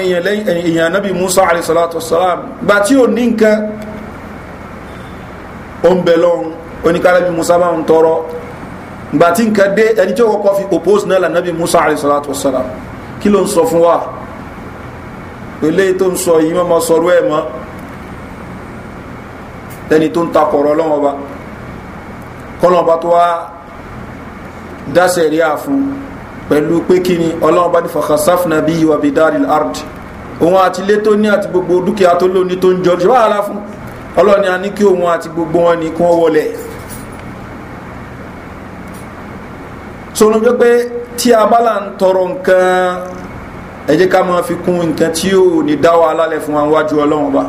èèyàn nábi musa alaihissalatuwasalam gba tí ò ní nǹkan o ń bẹ̀ lọ́n oníkálẹ́bí musa bá ń tọrọ gba tí nǹkan dé ẹni tí ó kọ́kọ́ fi oppose náà lànàbí musa alaihissalatuwasalam kí ló ń sọ fún wa pẹ̀lẹ́ tó ń sọ yìí mọ́ sọrú ẹ̀ mọ́ lẹ́ni tó ń takọ̀rọ̀ ọlọ́wọ́n ba kọ́lọ́wọ́n ba tó wá dáṣẹ̀ rí àfún pẹ̀lú pé kí ni ọlọ́wọ́n bá ní fàkàsáfìnà bí ìwà bí dárìl ard òun àti ilé tó ní àti gbogbo dúkìá tó lóní tó ń jọ ṣe wàhálà fún ọlọ́ni a ní kí òun àti gbogbo wọn ní kí wọ́n wọlé sọ̀rọ̀ pé tí a ń tọrọ nǹkan ẹ ká máa fi kún nǹkan tí yóò ní dá wàhálà lẹ̀ fún wa wájú ọlọ́wọ́n ba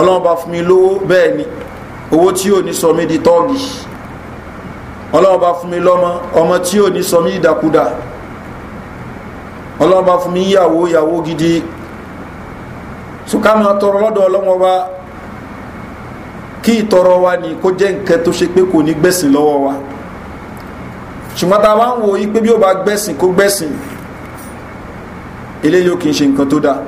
ọlọ́wọ́n ba fún mi lówó bẹ́ẹ̀ ni owó tí ò ní sọ di tọ́ọ̀gì ọlọ́run bá fún mi lọ́mọ ọmọ tí ò ní sọ mí ìdàkudà ọlọ́run fún mi yàwó yàwó gidi sùkámà tọrọ lọ́dọ̀ ọlọ́run ọba kí ìtọrọ wa ni kó jẹ́ nǹkan tó ṣe pé kò ní gbẹ̀sìn lọ́wọ́ wa ṣùgbọ́n tá a bá ń wo yí pé bí ó bá gbẹ̀sìn kó gbẹ̀sìn eléyìí ó kì í ṣe nǹkan tó dáa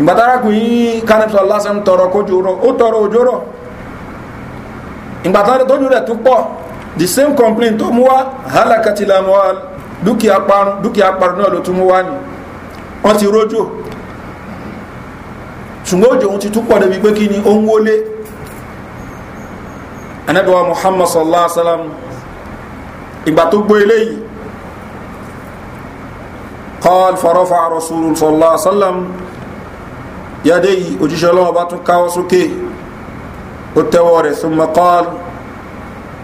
ìgbàdára kò yí kánẹ́tọ̀ lásán tọrọ kójú rọ ó tọrọ òjò rọ ìgbà tọ́jú rẹ̀ tó pọ̀ the same complaint tó mú wá halakatila mọ́ wa dúkìá parun dúkìá parun náà ló tún mú wá ni wọ́n ti rójò ṣùgbọ́n òjò òun ti tún pọ̀ débi pé kí ni ó ń wólé muhammad sallallahu alaihi wasallam ìgbà tó gbọ́ eléyìí qal farafa rasulullah sallallahu alaihi wasallam yadé yìí òjíṣẹ́ ọlọ́wọ́ bá tún káwọ́ sókè o tẹ́wọ́ rẹ̀ summa qal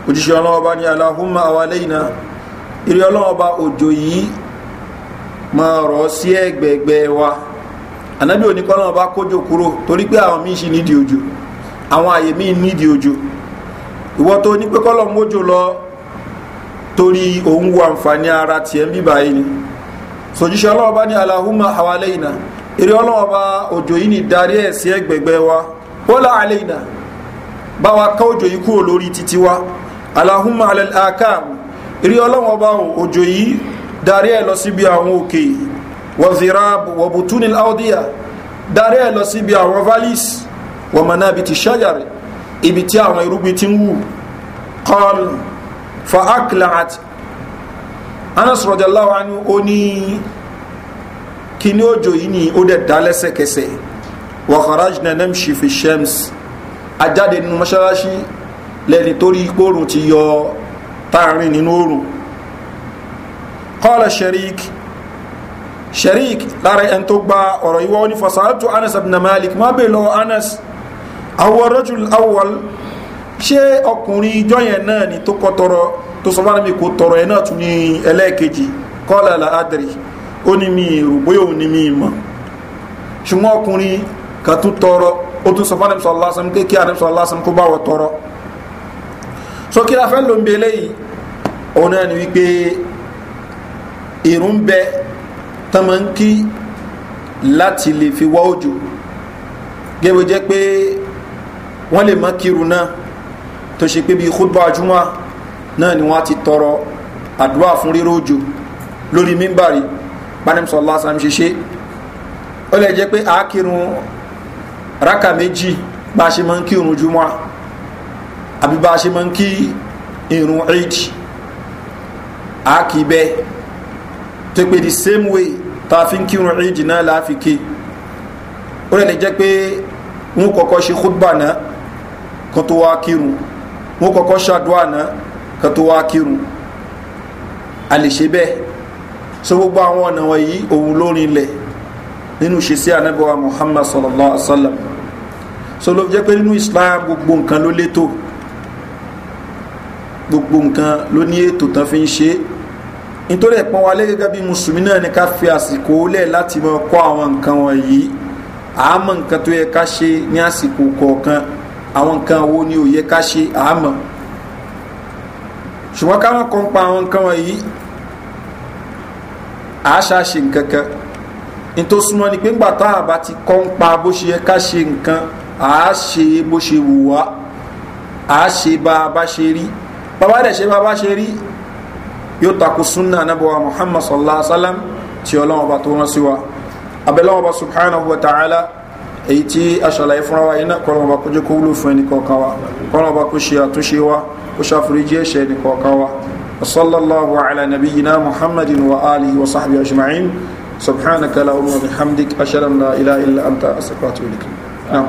òjíṣẹ́ ọlọ́wọ́ bá ni Allahumma awalayna eré ọlọ́wọ́ bá ma yìí máa wa ànábì òní kọ́ ọlọ́wọ́ kojo kuro tori pe awon àwọn si nidi ojo awon àwọn àyè míì nídìí òjò ìwọ tó ní pé kọ́lọ̀ mójò lọ ara tiẹ̀ ń bíbá ni ni wa bá wa ká òjò yìí kúrò lórí títí wa aláhùnmá aláàkáàm rí ọlọ́wọ́n bá òjò yìí darí ẹ̀ lọ síbi àwọn òkè wọ̀zìráàbù wọ̀bùtúnì láòdìyà darí ẹ̀ lọ síbi àwọn valis wọ̀mọ̀nà ibi ti ṣájàrẹ̀ ibi tí àwọn irúgbìn ti ń wù kọ́l fa aklat anas rọ̀jọ̀láwà ni ó ní kíní òjò yìí ni ó dẹ̀ dá lẹ́sẹ̀kẹsẹ̀ wàhárajnà namshi fi shams ajáde nínú mọ́ṣáláṣí lẹ́ni torí ipòrùn ti yọ táàrin nínú oòrùn kọ́lá sherik sherik lára ẹni tó gba ọ̀rọ̀ ìwọ́ ní fasaltu anas abdul malik má bèèrè lọ anas awọ rajul awwal ṣé ọkùnrin ìjọ yẹn náà ni tó kọ tọrọ tó sọ fún mi kò tọrọ ẹ náà tún ní ẹlẹ́ẹ̀kejì kọ́lá la adri ó ní mi rò bóyá òun ní mi mọ̀ ṣùgbọ́n ọkùnrin kan tọrọ ó tún sọ fún anamsọ aláṣam pé kí anamsọ aláṣam kó bá wọ tọrọ so kí la fẹ́ ló ń bẹ lẹ́yìn òun náà ni wípé ìrún bẹ tọmọ láti lè fi wá òjò gẹ́gbẹ́ jẹ́ pé wọ́n lè má kírun náà tó ṣe pé bí kúdùbà àjúmọ́ náà ni wọ́n ti tọrọ àdúrà fún ríró òjò lórí mímbàrí bá ní sọ lásán ṣe ṣe ó lè jẹ́ pé àákírun rákà méjì bá a ṣe máa ń kí irun jumọ́ àbí bá a ṣe máa ń kí irun eid a kì í bẹ́ẹ̀ tó pé the same way tá a fi ń kí irun eid náà la fi ké ó lè jẹ́ pé wọn kọ́kọ́ ṣe khutba náà kan tó wá kírun wọn kọ́kọ́ ṣàdúrà náà kan tó wá kírun a lè ṣe bẹ́ẹ̀ so gbogbo àwọn ọ̀nà wọ̀nyí òun lórin lẹ̀ nínú ṣe sí muhammad sallallahu alaihi wa sallam so ló jẹ́ pé nínú islam gbogbo nǹkan ló létò gbogbo nǹkan ló ní ètò tán fi ń ṣe nítorí ẹ̀pọ́n wa lé gẹ́gẹ́ bí mùsùlùmí náà ni ká fi àsìkò lẹ̀ láti mọ kọ́ àwọn nǹkan wọ̀nyí àmọ́ nǹkan tó yẹ ká ṣe ní àsìkò kọ̀ọ̀kan àwọn nǹkan wo ni ò yẹ ká ṣe àmọ́ ṣùgbọ́n káwọn kan pa àwọn nǹkan wọ̀nyí àṣà ṣe nǹkan kan ní ni pé ńgbà tá a bá ti kọ́ ń pa bó ṣe yẹ ká ṣe nǹkan a ṣe bó ṣe wù wá a ṣe bá a bá ṣe rí bàbá dẹ̀ ṣe bá a bá ṣe rí yóò takò súnà anábọ̀wá muhammad sallallahu alaihi wa sallam tí ọlọ́wọ́n bá tó rán sí wa abẹ́lẹ́wọ̀n bá subhanahu wa ta'ala èyí tí aṣàlàyé fúnra wa iná kọ́lọ́wọ́n bá kójú kó wúlò fún ẹnì kọ̀ọ̀kan wa kọ́lọ́wọ́n bá kó ṣe àtúnṣe wa kó ṣàforíjì ẹ̀ṣẹ̀ ẹnì kọ̀ọ̀kan wa وصلى الله على نبينا محمد وآله وصحبه أجمعين سبحانك اللهم وبحمدك أشهد أن لا إله إلا أنت أستغفرك وأتوب إليك نعم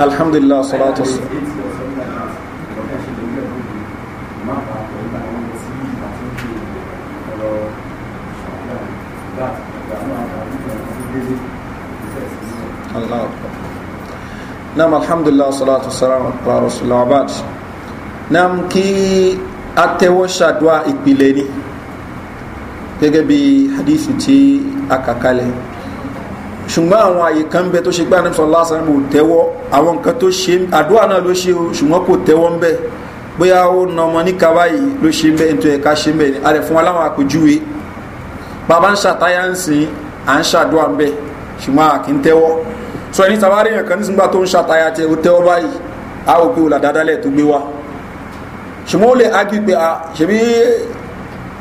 alhamdulillah salatu allah nam alhamdulillah salatu salam ala rasulillah abad nam kí atẹ́wọ́ ṣàdúrà ìpìlẹ̀ ni gẹ́gẹ́ bí hadithu tí a kà kalẹ̀ ṣùgbọ́n àwọn àyè kan bẹ tó ṣe pé ànábì sallallahu alaihi wasallam ò tẹ́wọ́ àwọn nǹkan tó ṣe àdúrà náà ló ṣe o ṣùgbọ́n kò tẹ́wọ́ ń bẹ̀ bóyá ó na ọmọ níka báyìí ló ṣe ń bẹ̀ nítorí ẹ̀ka ṣe ń bẹ̀ ni a lè fún wa láwọn àpèjúwe bàbá ń ṣàtáyà ń sìn à ń ṣàdúrà ń bẹ̀ ṣùgbọ́n a kì í tẹ́wọ́ sọ ẹni tàbárí yẹn kan nígbà tó ń ṣàtáyà tẹ ó tẹ́wọ́ báyìí a ò pé olàdádálẹ̀ tó gbé wa ṣùgbọ́n ó lè ágbì pé a ṣèbí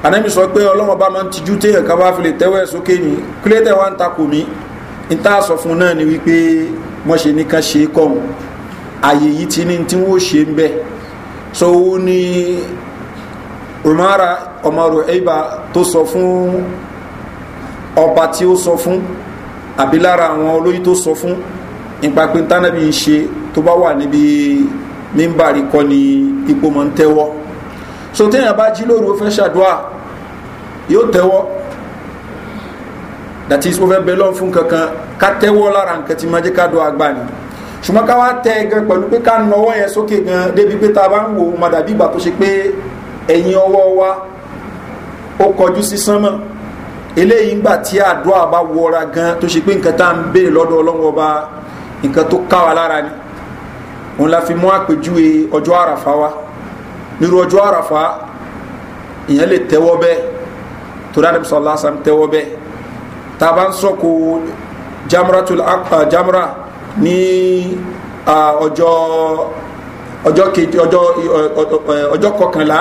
ànábì sọ pé ọlọ́mọba máa ń tijú téèyàn ká fi lè tẹ́wọ́ ẹ̀ sókè ní kílé tẹ̀ wá ń takò mí níta sọ fún náà ni wípé wọ́n ṣe nìkan ṣe kọ́hún àyè yìí ti ní tí wọ́n ṣe ń bẹ́ so ó ní umara ọmọrò ẹ̀bà tó sọ fún ọba tí ó sọ fún àbí lára àwọn olóyìn tó sọ fún nípa pé tánàbí ń ṣe tó bá wà níbi mímbàrí kọ́ ni ipò mọ̀ ń tẹ́wọ́ so téèyàn bá jí lóru ó fẹ́ ṣàdúrà yóò tẹ́wọ́ that is wọ́n fẹ́ bẹ lọ́n fún kankan ká tẹ́wọ́ lára nǹkan tí máa jẹ́ ká dọ̀ àgbà ni ṣùgbọ́n ká wá tẹ gan pẹ̀lú pé ká nọwọ́ yẹn sókè gan débi pé ta bá ń wo ma dàbí ìgbà tó ṣe pé ẹ̀yìn ọwọ́ wa ó kọjú sí sánmọ̀ eléyìí ń gbà tí àdúrà bá wọra gan tó ṣe pé nǹkan tá à ń béèrè lọ́dọ̀ ọlọ́run ọba nǹkan tó ni òun la fi mú àpèjúwe ọjọ́ àràfá wa nírú ọjọ́ àràfá ìyẹn lè tẹ́wọ́ bẹ́ẹ̀ tó dáadé sọ lásán tẹ́wọ́ tá a bá ń sọ̀kò akpa jamra ni ọjọ́ ọjọ́ kejì ọjọ́ ọjọ́ kọkànlá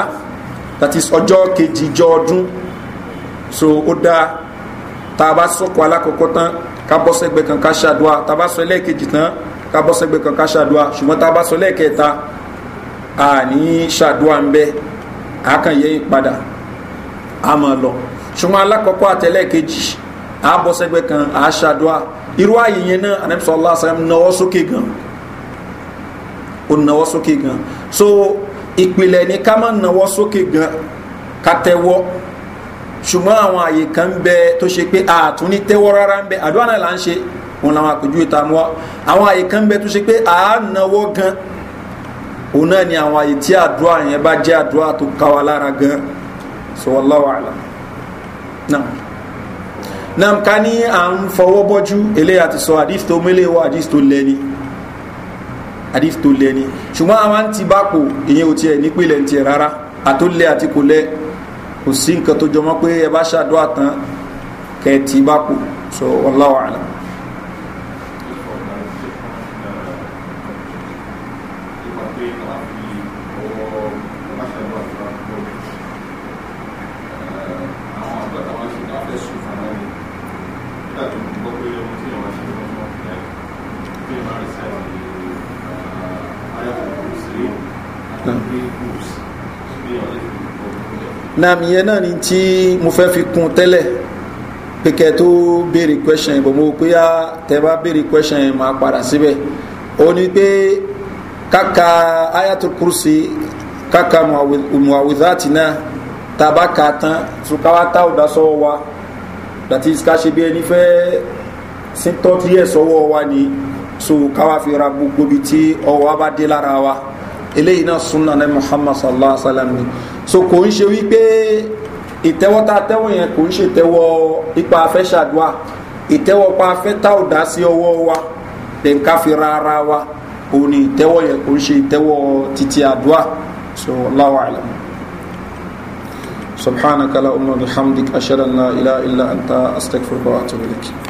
that is ọjọ́ keji jọ ọdún so ó dáa tá a bá sọ̀kò alákọ̀ọ́kọ́ tán ká bọ́ sẹ́gbẹ̀ẹ́ kan ká ṣàdúrà tá a bá sọ ẹlẹ́ẹ̀kejì tán ká bọ́ sẹ́gbẹ̀ẹ́ kan ká ṣàdúrà ṣùgbọ́n tá a bá sọ ẹlẹ́ẹ̀kẹta àní ṣàdúrà ń bẹ́ àákànyẹ́yìn padà lọ ṣùgbọ́n alákọ̀ọ́kọ́ àtẹlẹ́ẹ̀kejì àbọ̀sẹ́gbẹ́ kan àṣàdúà irú ààyè yẹn náà anamisa allah salam nawọ́ sókè gan ó nawọ́ sókè gan so ìpìlẹ̀ ni ká má nawọ́ sókè gan ká tẹ́wọ́ ṣùgbọ́n àwọn àyè kan ń bẹ tó ṣe pé àtún ní tẹ́wọ́ rárá ń bẹ àdúrà náà là ń ṣe òun làwọn àpèjúwe ta mọ́ àwọn àyè kan bẹ tó ṣe pé à á nawọ́ gan òun náà ni àwọn àyè tí àdúrà yẹn bá jẹ́ àdúrà tó ká lára gan so wallahu a'lam náà nam ká ní à ń fọwọ́ bọ́jú eléyà ti sọ àdìf tó mélèé wọ àdìf tó lẹ́ni àdìf tó lẹ́ni ṣùgbọ́n àwọn ti bá pò ìyẹn ò tiẹ̀ nípìnlẹ̀ tiẹ̀ rárá àtólẹ̀ àti kò lẹ́ kò sí nǹkan tó jọmọ́ pé ẹ bá ṣàdúrà tán kẹ́ẹ̀tì bá pò sọ wallahu a'lam nàmìyẹn náà ni tí mo fẹ́ fi kún tẹ́lẹ̀ pé kẹ́ tó béèrè question yẹn bọ̀ mo pé á tẹ́ bá béèrè question yẹn máa padà síbẹ̀ ó ní pé kàkà ayatul kursi kàkà muawizati náà tàbá kà tán sùkáwá tá ò sọ́wọ́ wa dàtí ká ṣe bí ẹni fẹ́ sí tọ́tí ẹ̀ sọ́wọ́ wa ni so fi ra gbogbo bi tí ọwọ́ wa lára wa eléyìí náà sunna ní muhammad sallallahu alayhi wa sallam ni so kò ń ṣe wípé ìtẹ́wọ́ tá a tẹ́wọ́ yẹn kò ń ṣe tẹ́wọ́ ipa afẹ́ ṣàdúrà ìtẹ́wọ́ pa afẹ́ tá ò dá sí ọwọ́ wa lẹ́ǹká fi ra ara wa òun ni ìtẹ́wọ́ yẹn kò ń ṣe ìtẹ́wọ́ títí àdúrà so Allahu a'lam. سبحانك اللهم وبحمدك أشهد أن لا إله إلا أنت أستغفرك وأتوب